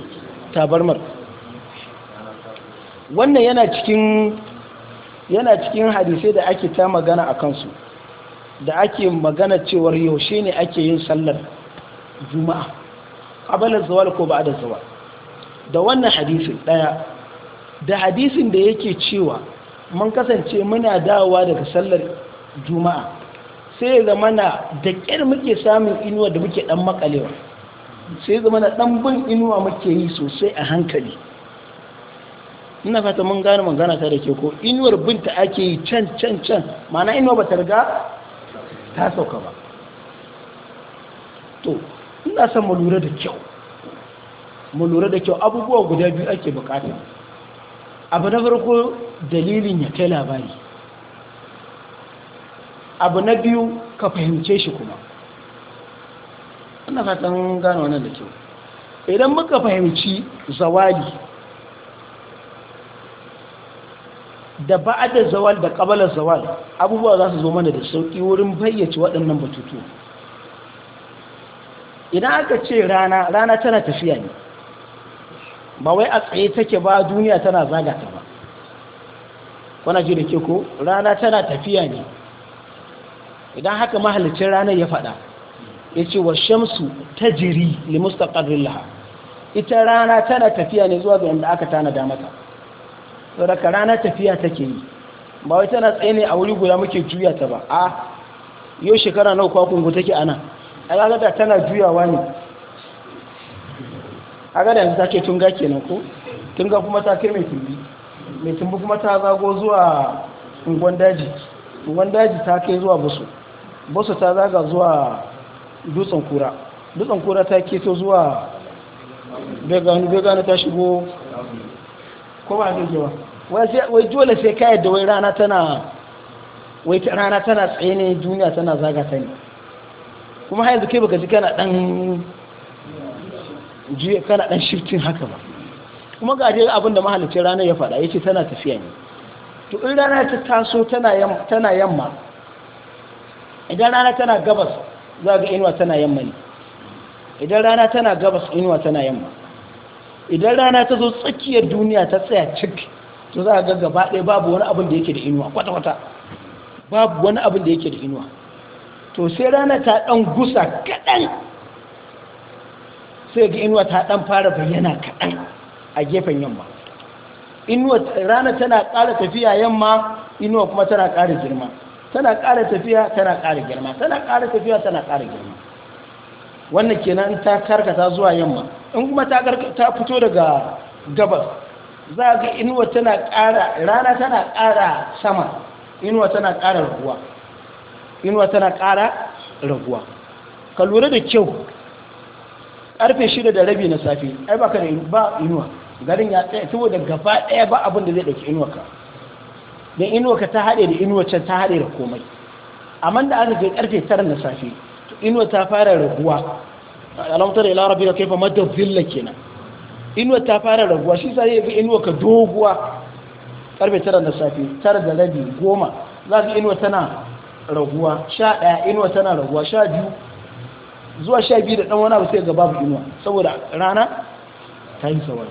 Speaker 1: tabarmar wannan yana cikin yana cikin hadisai da ake ta magana a kansu da ake magana cewar yaushe ne ake yin sallar juma'a ƙabalar zawal ko ba da zawal da wannan hadisin ɗaya da hadisin da yake cewa mun kasance muna dawowa daga sallar juma'a sai ya zama na da ƙyar muke samun inuwa da muke ɗan makalewa sai ya zama na ɗan bin inuwa muke yi sosai a hankali ina fata mun gane magana ta da ke ko inuwar binta ake yi can can can mana inuwa ba ta riga ta sauka ba to ina son mu lura da kyau mu lura da kyau abubuwa guda biyu ake bukata abu na farko dalilin ya kai labari abu na biyu ka fahimce shi kuma ina fatan gane wannan da kyau idan muka fahimci zawali da ba'ada zawal da qabala zawal abubuwa za su zo mana da sauki wurin bayyace waɗannan batutu idan aka ce rana rana tana tafiya ne ba wai a tsaye take ba duniya tana zaga ba kuna ji da ke ko rana tana tafiya ne idan haka mahalicin ranar ya faɗa ya ce wa shamsu ta jiri limustaqarrin laha ita rana tana tafiya ne zuwa ga inda aka tanada mata sau daga rana tafiya take yi ba wai tana tsaye ne a wuri guda muke juya ta ba a yau shekara nawa kwakungu take ana agagada tana juyawa ne agada yanzu take tunga kenan ko tunga kuma ta kai mai tumbi mai tumbi kuma ta zago zuwa ungon daji ungon daji ta kai zuwa busu busu ta zaga zuwa dutsen kura dutsen kura ta keto zuwa begani beganu ta shigo ko ba ka wai dole sai ka yadda wai rana tana wai rana tana tsaye ne duniya tana zaga ta ne kuma haya zuke baka ji kana dan jiya kana dan shifting haka ba kuma ga dai abin da mahalicin rana ya faɗa yace tana tafiya ne to in rana ta taso tana tana yamma idan rana tana gabas za ga inuwa tana yamma ne idan rana tana gabas inuwa tana yamma idan rana ta zo tsakiyar duniya ta tsaya cik to za a ga gaba ɗaya babu wani abin da yake da inuwa kwata-kwata babu wani abin da yake da inuwa to sai rana ta ɗan gusa kaɗan sai ga inuwa ta ɗan fara bayyana kaɗan a gefen yamma inuwa rana tana ƙara tafiya yamma inuwa kuma tana ƙara girma tana ƙara tafiya tana ƙara girma tana ƙara tafiya tana ƙara girma wannan kenan ta karkata zuwa yamma in kuma ta fito daga gabas za ga inuwa tana ƙara rana tana ƙara sama inuwa tana ƙara raguwa inuwa tana ƙara raguwa ka lura da kyau ƙarfe shida da rabi na safe ai ba ka da ba inuwa garin ya tsaye saboda gaba ɗaya ba abin da zai ɗauki inuwa ka don inuwa ka ta haɗe da inuwa can ta haɗe da komai amma da aka kai ƙarfe tara na safe inuwa ta fara raguwa alamtar ila rabbi kai fa madda zilla kenan inuwa ta fara raguwa shi sai yafi inuwa ka doguwa karfe 9 na safi 9 da rabi 10 za ka inuwa tana raguwa 11 inuwa tana raguwa 12 zuwa 12 da dan wani abu sai ga babu inuwa saboda rana ta yi sawari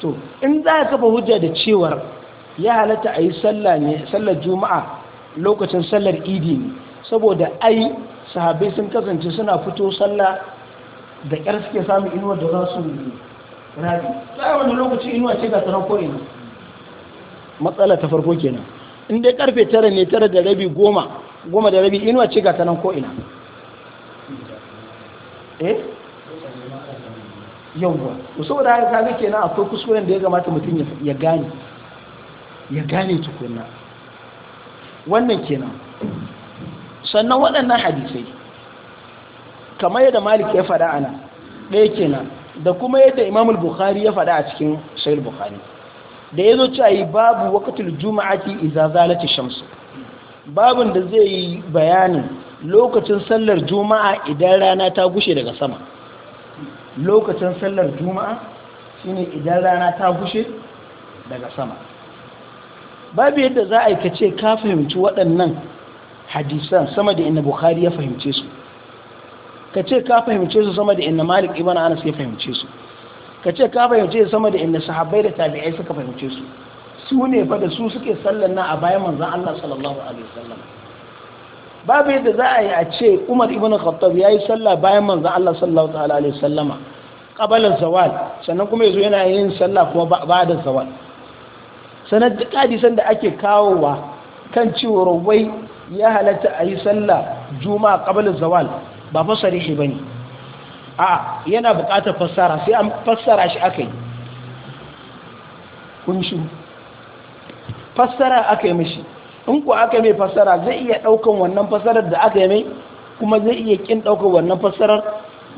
Speaker 1: to in za ka kafa hujja da cewar ya halatta a yi sallar juma'a lokacin sallar idi ne saboda ai sahabai sun kasance suna fito sallah da ƙyar suke samu inuwa da za su rabi sai wani lokaci inuwa ce ga tsaron ko'ina matsala ta farko kenan in dai karfe tara ne tara da rabi goma goma da rabi inuwa ce ga tsaron ko'ina eh yawwa saboda haka kaga kenan akwai kuskuren da ya gamata mutum ya gane ya gane tukunna wannan kenan sannan waɗannan hadisai kamar yadda malik ya faɗa ana ɗaya kenan da kuma yadda imamul bukhari ya faɗa a cikin shayil bukhari da ya zo ci a babu wakatul Juma'a iza zalati shamsu babin da zai yi bayanin lokacin sallar juma'a idan rana ta gushe daga sama lokacin sallar juma'a shine idan rana ta gushe daga sama babu yadda za a yi kace ka fahimci waɗannan hadisan sama da inna bukhari ya fahimce su ka ce ka fahimce su sama da inna malik ibn anas ya fahimce su ka ce ka fahimce su sama da inna sahabbai da tabi'ai suka fahimce su su ne fa da su suke sallan nan a bayan manzon Allah sallallahu alaihi wasallam babu yadda za a yi a ce Umar ibn Khattab yayi sallah bayan manzon Allah sallallahu ta'ala alaihi wasallama qabala zawal sannan kuma yazo yana yin sallah kuma ba'da zawal sanar da hadisan da ake kawowa kan cewa wai ya halatta a yi sallah juma'a qabla zawal ba shi ba ne. a yana buƙatar fassara sai an fassara shi yi. kun shi fassara aka yi mashi in ku aka mai fassara zai iya ɗaukan wannan fassarar da aka yi mai kuma zai iya ƙin ɗaukar wannan fassarar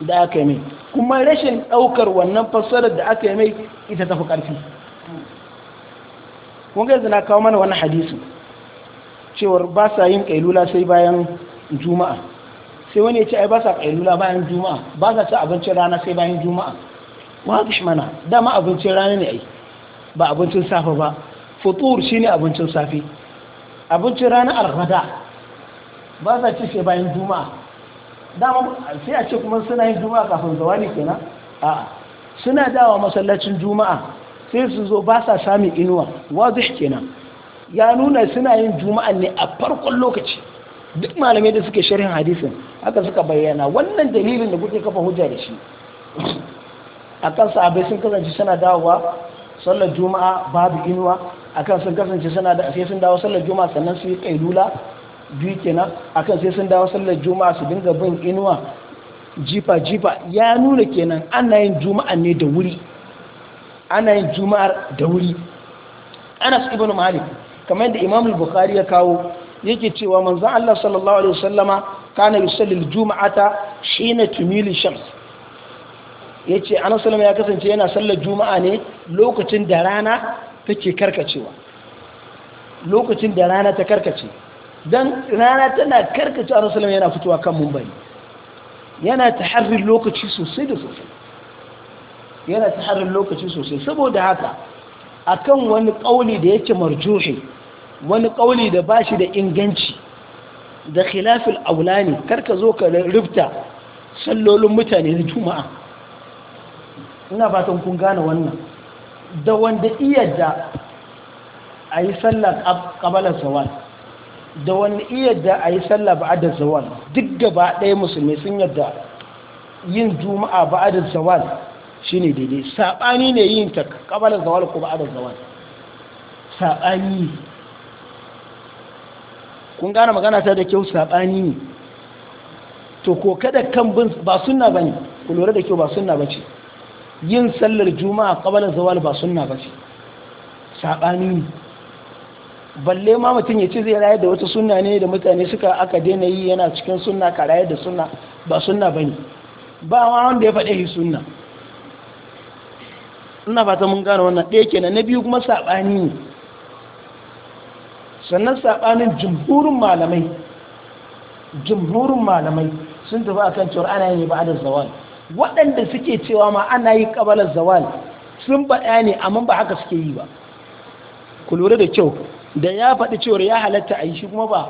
Speaker 1: da aka yi mai kuma rashin ɗaukar wannan fassarar da aka yi mai ita tafi ƙarfi kun yanzu na kawo mana wannan hadisi cewar ba sa yin kailula sai bayan juma'a sai wani ya ce ai ba sa kailula bayan juma'a ba sa ci abincin rana sai bayan juma'a wa haka shi mana dama abincin rana ne ai ba abincin safe ba futur shine abincin safe abincin rana arghada ba sa ci sai bayan juma'a dama sai a ce kuma suna yin juma'a kafin ne kenan a'a suna dawa masallacin juma'a sai su zo ba sa samun inuwa wazih kenan ya nuna suna yin juma'a ne a farkon lokaci duk malamai da suke sharhin hadisin haka suka bayyana wannan dalilin da kuke kafa hujja da shi akan sahabbai sun kasance suna dawowa sallar juma'a babu inuwa akan sun kasance suna da sai sun dawo sallar juma'a sannan su yi kailula biyu kenan akan sai sun dawo sallar juma'a su dinga bin inuwa jifa jifa ya nuna kenan ana yin juma'a ne da wuri ana yin juma'ar da wuri Anas ibn Malik kamar da imam bukhari ya kawo yake cewa manzon Allah sallallahu alaihi wasallama kana yusalli al-jum'ata shina tumili shams yace Anas sallama ya kasance yana sallar juma'a ne lokacin da rana take karkacewa lokacin da rana ta karkace dan rana tana karkace Anas sallama yana fitowa kan munbari yana taharrin lokaci sosai da sosai yana taharrin lokaci sosai saboda haka akan wani kauli da yake marjuhi wani ƙauli da bashi da inganci da aula ne karka zo ka rubta sallolin mutane da juma'a ina fatan kun gane wannan da wanda iyadda a yi sallah ƙabalar zawal da iya iyadda a yi sallah ba'adar zawal duk da ba ɗaya musulmi sun yadda yin juma'a ba'adar zawal shine daidai saɓani ne yin ta kabalar zawal ko ba'adar zawal saɓani kun gane magana ta da kyau saɓani ne to ko kada kan bin ba suna ba ne ku lura da kyau ba suna ba ce yin sallar juma'a ƙabalar zawal ba suna ba ce saɓani ne balle ma mutum ya ce zai rayar da wata suna ne da mutane suka aka daina yi yana cikin suna ka rayar da suna ba suna ba ne ba ma wanda ya faɗe suna ina fata mun gane wannan ɗaya kenan na biyu kuma saɓani ne sannan saɓanin jimhurin malamai jimhurin malamai sun tafi akan cewar ana yi ba da zawal waɗanda suke cewa ma ana yi ƙabalar zawal sun faɗa ne amma ba haka suke yi ba ku lura da kyau da ya faɗi cewar ya halatta a yi shi kuma ba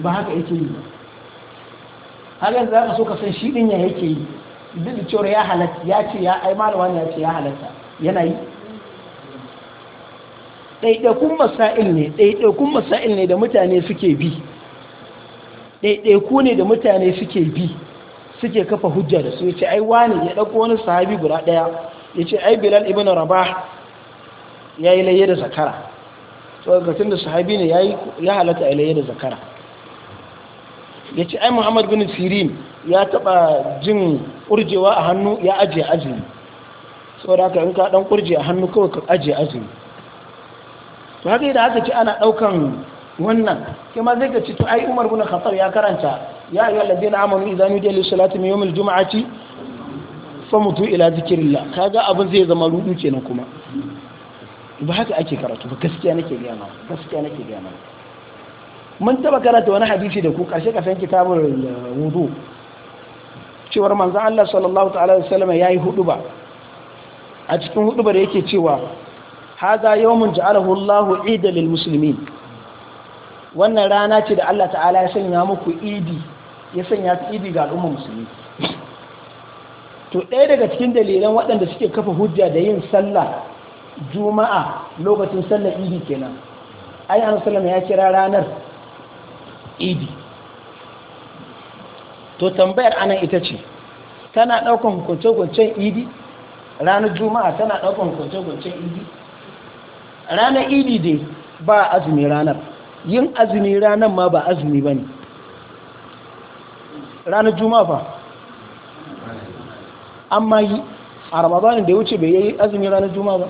Speaker 1: ba haka yake yi ba za ka so ka san shi ɗin ya yake yi duk da cewar ya halatta ya ce ya ai malawa ya ce ya halatta yana yi ɗaiɗaikun masa'il ne ɗaiɗaikun masa'il ne da mutane suke bi ɗaiɗaiku ne da mutane suke bi suke kafa hujja da su yace ai wani ya ɗauko wani sahabi guda ɗaya yace ai bilal ibn rabah ya yi laye da zakara tsogacin da sahabi ne ya halatta a laye da zakara ya ce ai muhammad bin sirin ya taba jin ƙurjewa a hannu ya ajiye azumi saboda haka in ka dan a hannu kawai ka ajiye azumi to haka da aka ci ana ɗaukan wannan Kuma ma zai ka ci to ai umar bin khattab ya karanta ya ayyuhal ladina amanu idza nudiya lis salati min yawmil jum'ati famutu ila zikrillah kaga abin zai zama rudu kenan kuma ba haka ake karatu ba gaskiya nake ga ma gaskiya nake ga ma mun taba karanta wani hadisi da ku karshe kasan kitabul eh, wudu cewar manzon Allah sallallahu ta'ala alaihi wasallam yayi huduba a cikin da yake cewa haza yawmun ja'alahu Allahu idan lil musulmi wannan rana ce da Allah ta'ala ya sanya muku idi ya sanya ta idi ga al'ummar musulmi to ɗaya daga cikin dalilan waɗanda suke kafa hujja da yin sallah juma'a lokacin sallar idi kenan ayi an sallama ya kira ranar idi to tambayar anan ita ce tana ɗaukan hukunce-hukuncen idi ranar juma'a tana ɗaukan hukunce-hukuncen idi ranar idi dai ba azumi ranar yin azumi ranar ma ba azumi ba ne ranar juma'a ba amma yi a ramadanin da ya wuce bai yi azumi ranar juma'a ba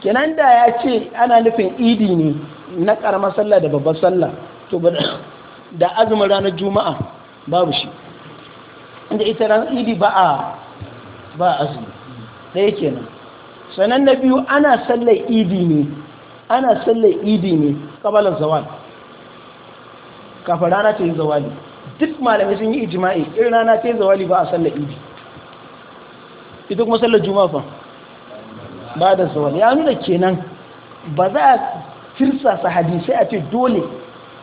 Speaker 1: kenan da ya ce ana nufin idi ne na karamar sallah da babbar sallah to (coughs) da azumin ranar juma'a babu shi inda ita ranar idi ba a azumi azumi ɗaya kenan sanan na biyu ana sallar idi ne ana sallar idi ne kabalar zawal kafin rana ta yi zawali duk malamai sun yi ijima'i irin rana ta yi zawali ba a sallar idi ita kuma sallar juma'a fa ba da zawal ya nuna kenan ba za a firsasa hadisai a ce dole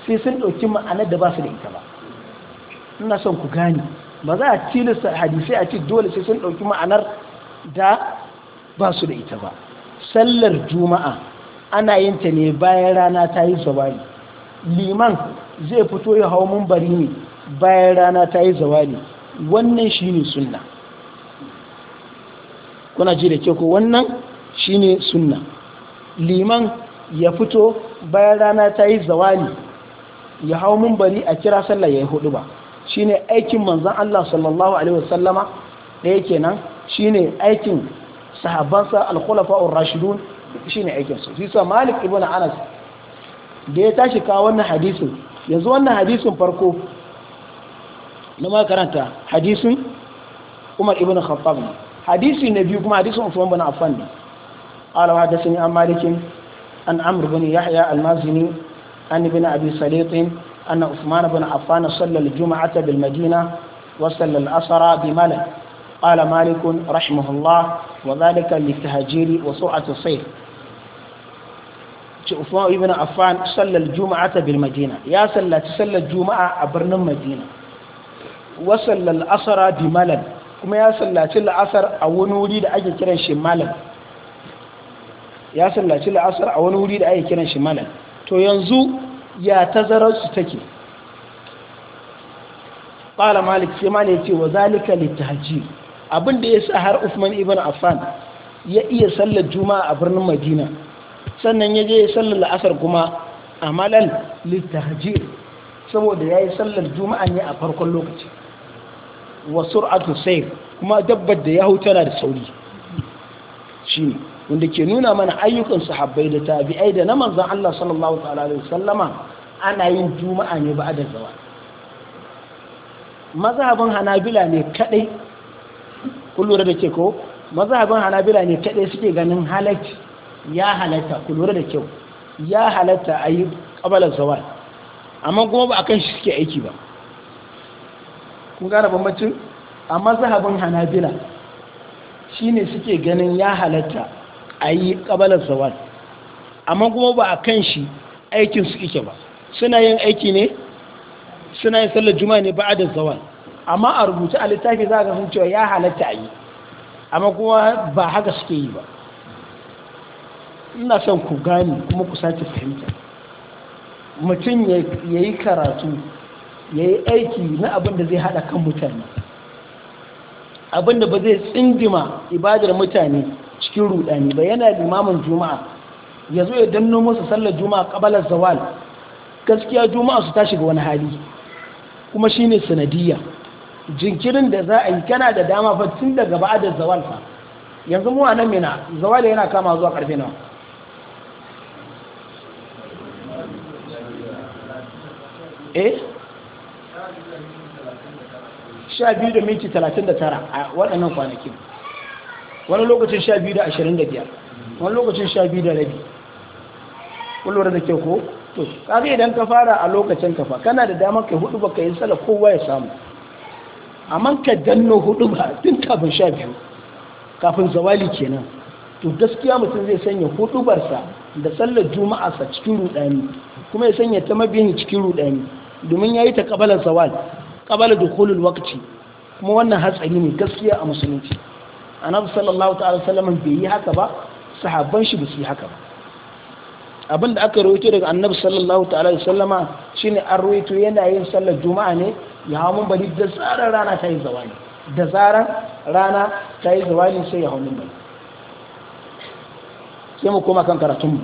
Speaker 1: sai sun ɗauki ma'anar da ba su da ita ba ina son ku gane ba za a tilasta hadisai a ce dole sai sun ɗauki ma'anar da ba su da ita ba sallar juma'a ana yin ta ne bayan rana ta yi zawali liman zai fito ya hau mambari ne bayan rana ta yi zawali wannan shi ne sunna kuna ji da ke ko wannan ne sunna liman ya fito bayan rana ta yi zawali ya hau mambari a kira sallar ya yi hudu ba shi ne aikin manzan Allah sallallahu alaihi wasallama da yake nan ne aikin sahabbansa al-khulafa'ur rashidun shine aikin su shi sa Malik ibn Anas da ya tashi kawo wannan hadisin yanzu wannan hadisin farko na ma karanta hadisin Umar ibn Khattab hadisi na biyu kuma hadisin Uthman ibn Affan ne an وحدثني عن مالك عن عمرو بن يحيى المازني عن ابن ابي سليط ان عثمان بن عفان madina الجمعه بالمدينه وصلى bi بملك قال مالك رحمه الله وذلك للتهجير وسرعة الصيف عثمان ابن عفان صلى الجمعة بالمدينة يا صلى تصلى الجمعة أبرن المدينة وصلى الأسرة بملل كما يا صلى تصلى الأسر أو نولي لأجل كرن شمالا يا صلى تصلى الأسر أو نولي لأجل كرن شمالا تو ينزو يا تزرر ستكي قال مالك سيماني وذلك للتهجير abin da ya sa har Usman ibn Affan ya iya sallar juma'a a birnin Madina sannan ya je sallar la'asar kuma a malal saboda yayi sallar juma'a ne a farkon lokaci wa sur'atu sayf kuma dabbar da ya hau tana da sauri Shi wanda ke nuna mana ayyukan sahabbai da tabi'ai da na manzon Allah sallallahu alaihi wasallama ana yin juma'a ne ba da zawa mazhabin hanabila ne kadai kun lura da ke ko mazhabin hanabila ne kaɗai suke ganin halacci ya halatta ku lura da kyau ya halatta a yi ƙabalar zawal amma kuma ba a kan shi suke aiki ba kun gane bambancin a mazhabin hanabila shi ne suke ganin ya halatta a yi ƙabalar zawal amma kuma ba a kan shi aikin su ike ba suna yin aiki ne suna yin sallar juma'a ne ba a da zawal amma a rubuce a littafi za ga sun cewa ya halatta a yi amma kuma ba haka suke yi ba ina son ku gani kuma ku sace fahimta mutum ya yi karatu ya yi aiki na abinda zai hada kan mutane abin da ba zai tsindima ibadar mutane cikin rudani ba yana limamin juma'a ya zo ya danno musu sallar juma'a kabalar zawal gaskiya juma'a su tashi ga wani hali kuma shine sanadiyya jinkirin da za a yi kana da dama fa tun daga ba da zawal fa yanzu mu a nan mina zawal yana kama zuwa karfe nawa eh sha biyu da minti talatin da tara a waɗannan kwanakin wani lokacin sha biyu da ashirin da biyar wani lokacin sha biyu da rabi kullum da ke ko to kaga idan ka fara a lokacin kafa kana da damar kai hudu baka yi sala kowa ya samu a ka danno hudu ba tun kafin sha biyu kafin zawali kenan to gaskiya mutum zai sanya huɗubarsa da sallar sa cikin rudani kuma ya sanya ta mabiyin cikin rudani domin ya yi ta kabalar zawal kabalar dukulul wakci kuma wannan hatsari ne gaskiya a musulunci annabi sallallahu ta'ala bai yi haka ba sahabban shi ba su yi haka ba abin da aka rawaito daga annabi sallallahu ta'ala sallama shine an rawaito yana yin sallar juma'a ne ya hau mun bari da tsarar rana ta yi zawali da tsarar rana ta yi zawali sai ya hau mun sai mu koma kan karatunmu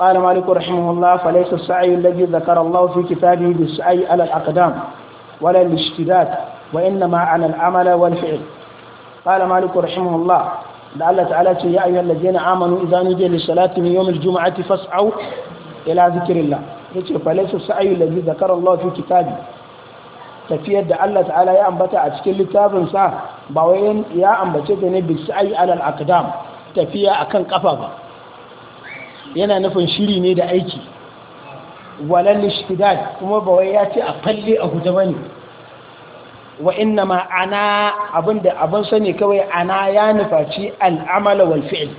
Speaker 1: قال مالك رحمه الله فليس السعي الذي ذكر الله في كتابه بالسعي على الأقدام ولا الاشتداد وإنما على العمل والفعل قال مالك رحمه الله لعل تعالى يا أيها الذين آمنوا إذا نجي للصلاة من يوم الجمعة فاسعوا إلى ذكر الله yace falaysa sa'yu allazi zakara Allah fi kitabi tafiyar da Allah ta'ala ya ambata a cikin littafin sa ba wai ya ambace ta ne bi sa'yi alal aqdam tafiya akan kafa ba yana nufin shiri ne da aiki walal ishtidad kuma ba wai ya ce a falle a huta bane wa inna ma ana abinda abin sani kawai ana ya nufaci al'amala wal fi'l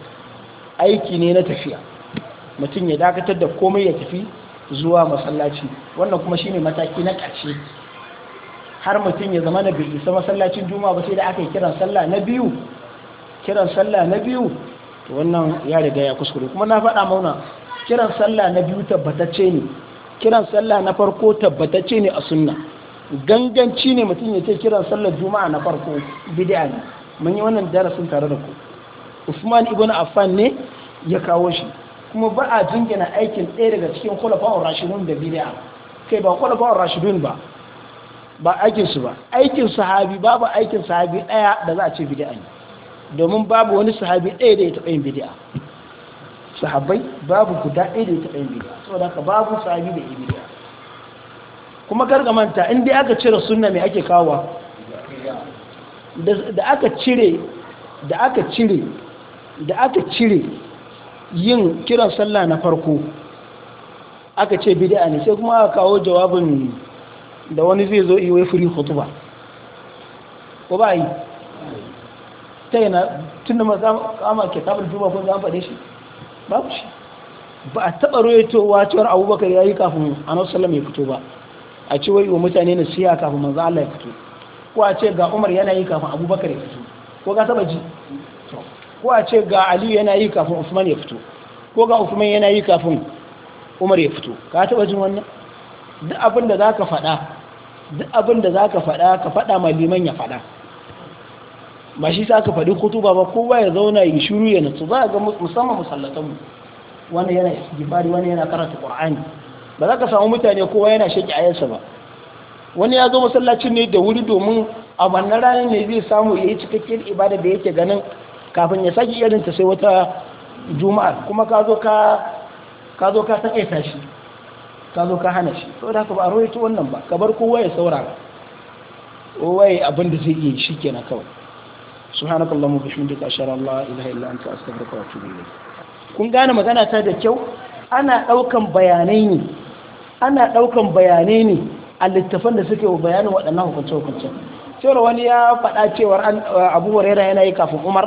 Speaker 1: aiki ne na tafiya mutum ya dakatar da komai ya tafi zuwa masallaci wannan kuma shine mataki na ƙarshe har mutum ya zama na bai isa masallacin juma ba sai da aka yi kiran sallah na biyu kiran sallah na biyu to wannan ya riga ya kuskure kuma na faɗa mauna kiran sallah na biyu tabbatacce ne kiran sallah na farko tabbatacce ne a sunna ganganci ne mutum ya ce kiran sallar juma'a na farko bid'a ne mun yi wannan darasin tare da ku Usman ibn Affan ne ya kawo shi kuma ba a jingina aikin ɗaya daga cikin khulafa'ur rashidun da bid'a kai ba khulafa'ur rashidun ba ba aikin su ba aikin sahabi babu aikin sahabi ɗaya da za a ce bid'a ne domin babu wani sahabi ɗaya da ya taɓa yin bid'a sahabbai babu guda ɗaya da ya taɓa yin bid'a saboda haka babu sahabi da ya bid'a kuma karga manta in dai aka cire sunna me ake kawo da aka cire da aka cire da aka cire yin kiran sallah na farko aka ce bid'a ne sai kuma aka kawo jawabin da wani zai zo iwe firi khutba ko ba yi ta yana tun da kama ke tabar juma ko za a faɗe shi babu shi ba a taɓa roetowa wacewar abubakar ya yi kafin anu sallam ya fito ba a ce wai wa mutane na siya kafin manzo Allah ya fito ko a ce ga umar yana yi kafin abubakar ya fito ko ka taɓa ji ko a ce ga aliyu yana yi kafin usman ya fito ko ga usman yana yi kafin umar ya fito ka taba jin wannan duk abin da za ka faɗa duk abin da za ka faɗa ka faɗa ma liman ya faɗa ba shi sa ka fadi kutuba ba kowa ya zauna yi shiru ya nutsu za a ga musamman mu. wani yana gibari wani yana karanta ƙur'ani ba za ka samu mutane kowa yana shaƙi ayansa ba wani ya zo masallacin ne da wuri domin a wannan ranar ne zai samu ya yi cikakken ibada da yake ganin kafin ya saki irin ta sai wata juma'a kuma ka zo ka ka zo ka shi ka zo ka hana shi to da ka ba a rawaito wannan ba ka bar kowa ya saurara kowa ya abin da zai yi shi kenan kawai subhanakallahumma bihamdika ashhadu an la ilaha illa anta astaghfiruka wa atubu ilayk kun gane magana ta da kyau ana daukan bayanai ne ana daukan bayanai ne a littafan da suke bayanin waɗannan hukunce-hukunce cewar wani ya faɗa cewar abu hurairah yana yi kafin umar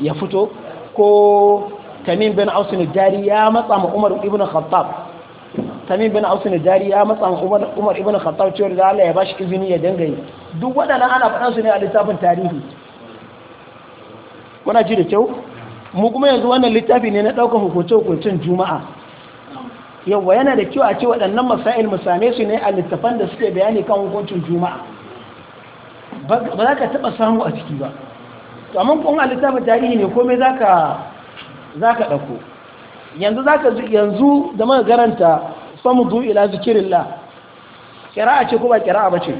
Speaker 1: ya fito ko tamim bin ausin dari ya matsa ma umar ibn khattab tamim bin ausin dari ya matsa ma umar ibn khattab cewa da Allah ya bashi izini ya danga yi duk waɗannan ana faɗan su ne a littafin tarihi kuna ji da kyau mu kuma yanzu wannan littafi ne na ɗaukar hukunce-hukuncen juma'a yawa yana da kyau a ce waɗannan masail mu same su ne a littafan da suke bayani kan hukuncin juma'a ba za ka taɓa samu a ciki ba amma kun a littafin tarihi ne komai zaka zaka dako yanzu zaka yanzu da muka garanta samudu ila zikrillah qira'a ce ko ba qira'a bace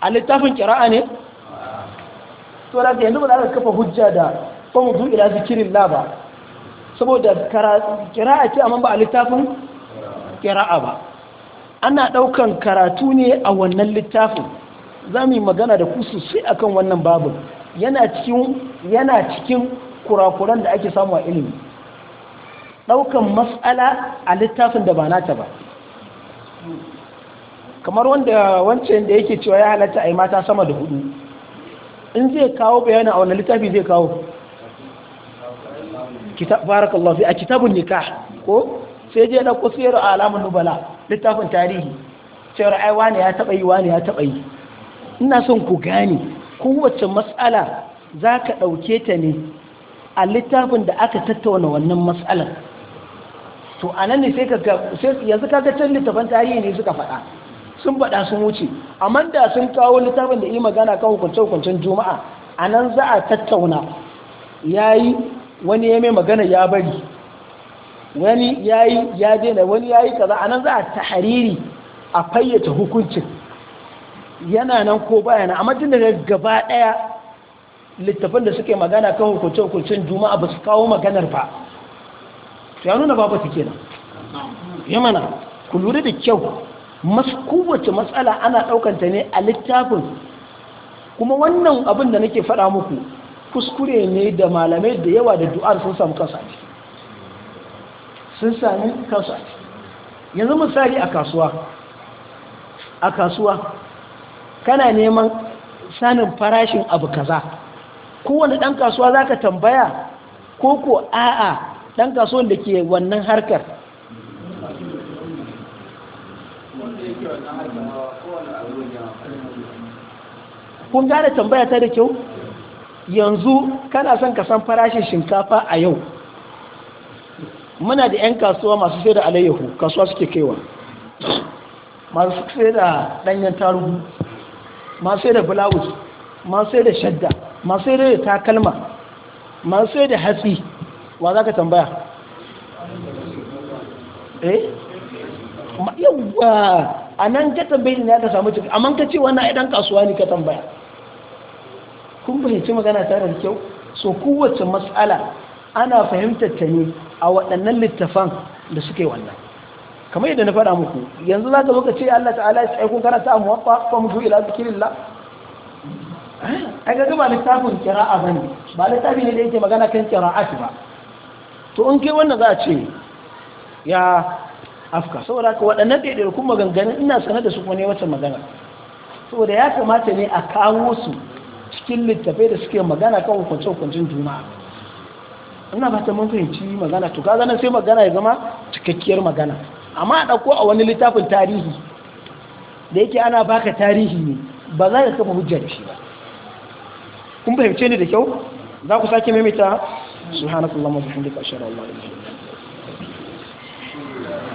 Speaker 1: a littafin qira'a ne to da yanzu ba za ka kafa hujja da samudu ila zikrillah ba saboda qira'a ce amma ba a littafin qira'a ba ana daukan karatu ne a wannan littafin za mu yi magana da ku sosai akan wannan babu yana cikin kurakuran da ake samu a ilimi daukan matsala a littafin da ba nata ba kamar wanda wancan da yake cewa ya halatta a mata sama da hudu in zai kawo bayanin a wani littafi zai kawo barakallahu fi a kitabun nikah ko sai je na a alamun nubala littafin tarihi cewar ai wani ya taba yi wani ya taba yi ina son ku gane kowace matsala za ka ɗauke ta ne a littafin da aka tattauna wannan matsalar to a nan ne sai yanzu kaga can littafin tarihi ne suka faɗa sun faɗa sun wuce amma da sun kawo littafin da yi magana kan hukunce-hukuncen juma'a a nan za a tattauna ya yi wani ya mai magana ya bari wani ya yi ya daina wani ya yi kaza a nan za a tahariri a fayyace hukuncin yana nan ko baya nan amma tun daga gaba daya littafin da suke magana kan hukuncin-hukuncin juma'a ba su kawo maganar ba ya nuna babu su kenan ya mana ku lura da kyau Masu kowace matsala ana ɗaukanta ne a littafin kuma wannan abin da nake faɗa muku kuskure ne da malamai da yawa da du'ar sun samu kasa sun sami kasa yanzu misali a kasuwa a kasuwa kana neman sanin farashin abu kaza kowane ɗan kasuwa za ka tambaya ko ko a'a ɗan kasuwan da ke wannan harkar kun gane tambaya ta da kyau yanzu kana son ka san farashin shinkafa a yau muna da 'yan kasuwa masu sai da alayyahu kasuwa suke kaiwa masu sai da ɗanyen tarihu masu sai da bulawus masu sai da shadda masu sai da takalma masu sai da hatsi wa za ka tambaya eh yawwa a nan ka tambayi ne aka samu ciki amma ka ce wannan idan kasuwa ne ka tambaya kun fahimci magana tare da kyau so kowace matsala ana fahimtar ta ne a waɗannan littafan da suke wannan kamar yadda na faɗa muku yanzu za ka zo ka ce Allah ta'ala ya tsaye kun ta muwaffa fa mutu ila zikirillah ai ga ba littafin kira'a bane ba littafi ne da yake magana kan kira'at ba to in kai wannan za a ce ya afka saboda ka waɗannan ɗaiɗaiɗa kuma maganganun ina sanar da su kuma ne wata magana saboda ya kamata ne a kawo su cikin littafai da suke magana kan hukunce-hukuncen juna. ina ba ta mun fahimci magana to kaga na sai magana ya zama cikakkiyar magana amma a ɗauko a wani littafin tarihi da yake ana baka tarihi ne ba za ka kafa hujja da shi ba kun fahimce ni da kyau za ku sake maimaita subhanakallah wa bihamdika ashhadu an la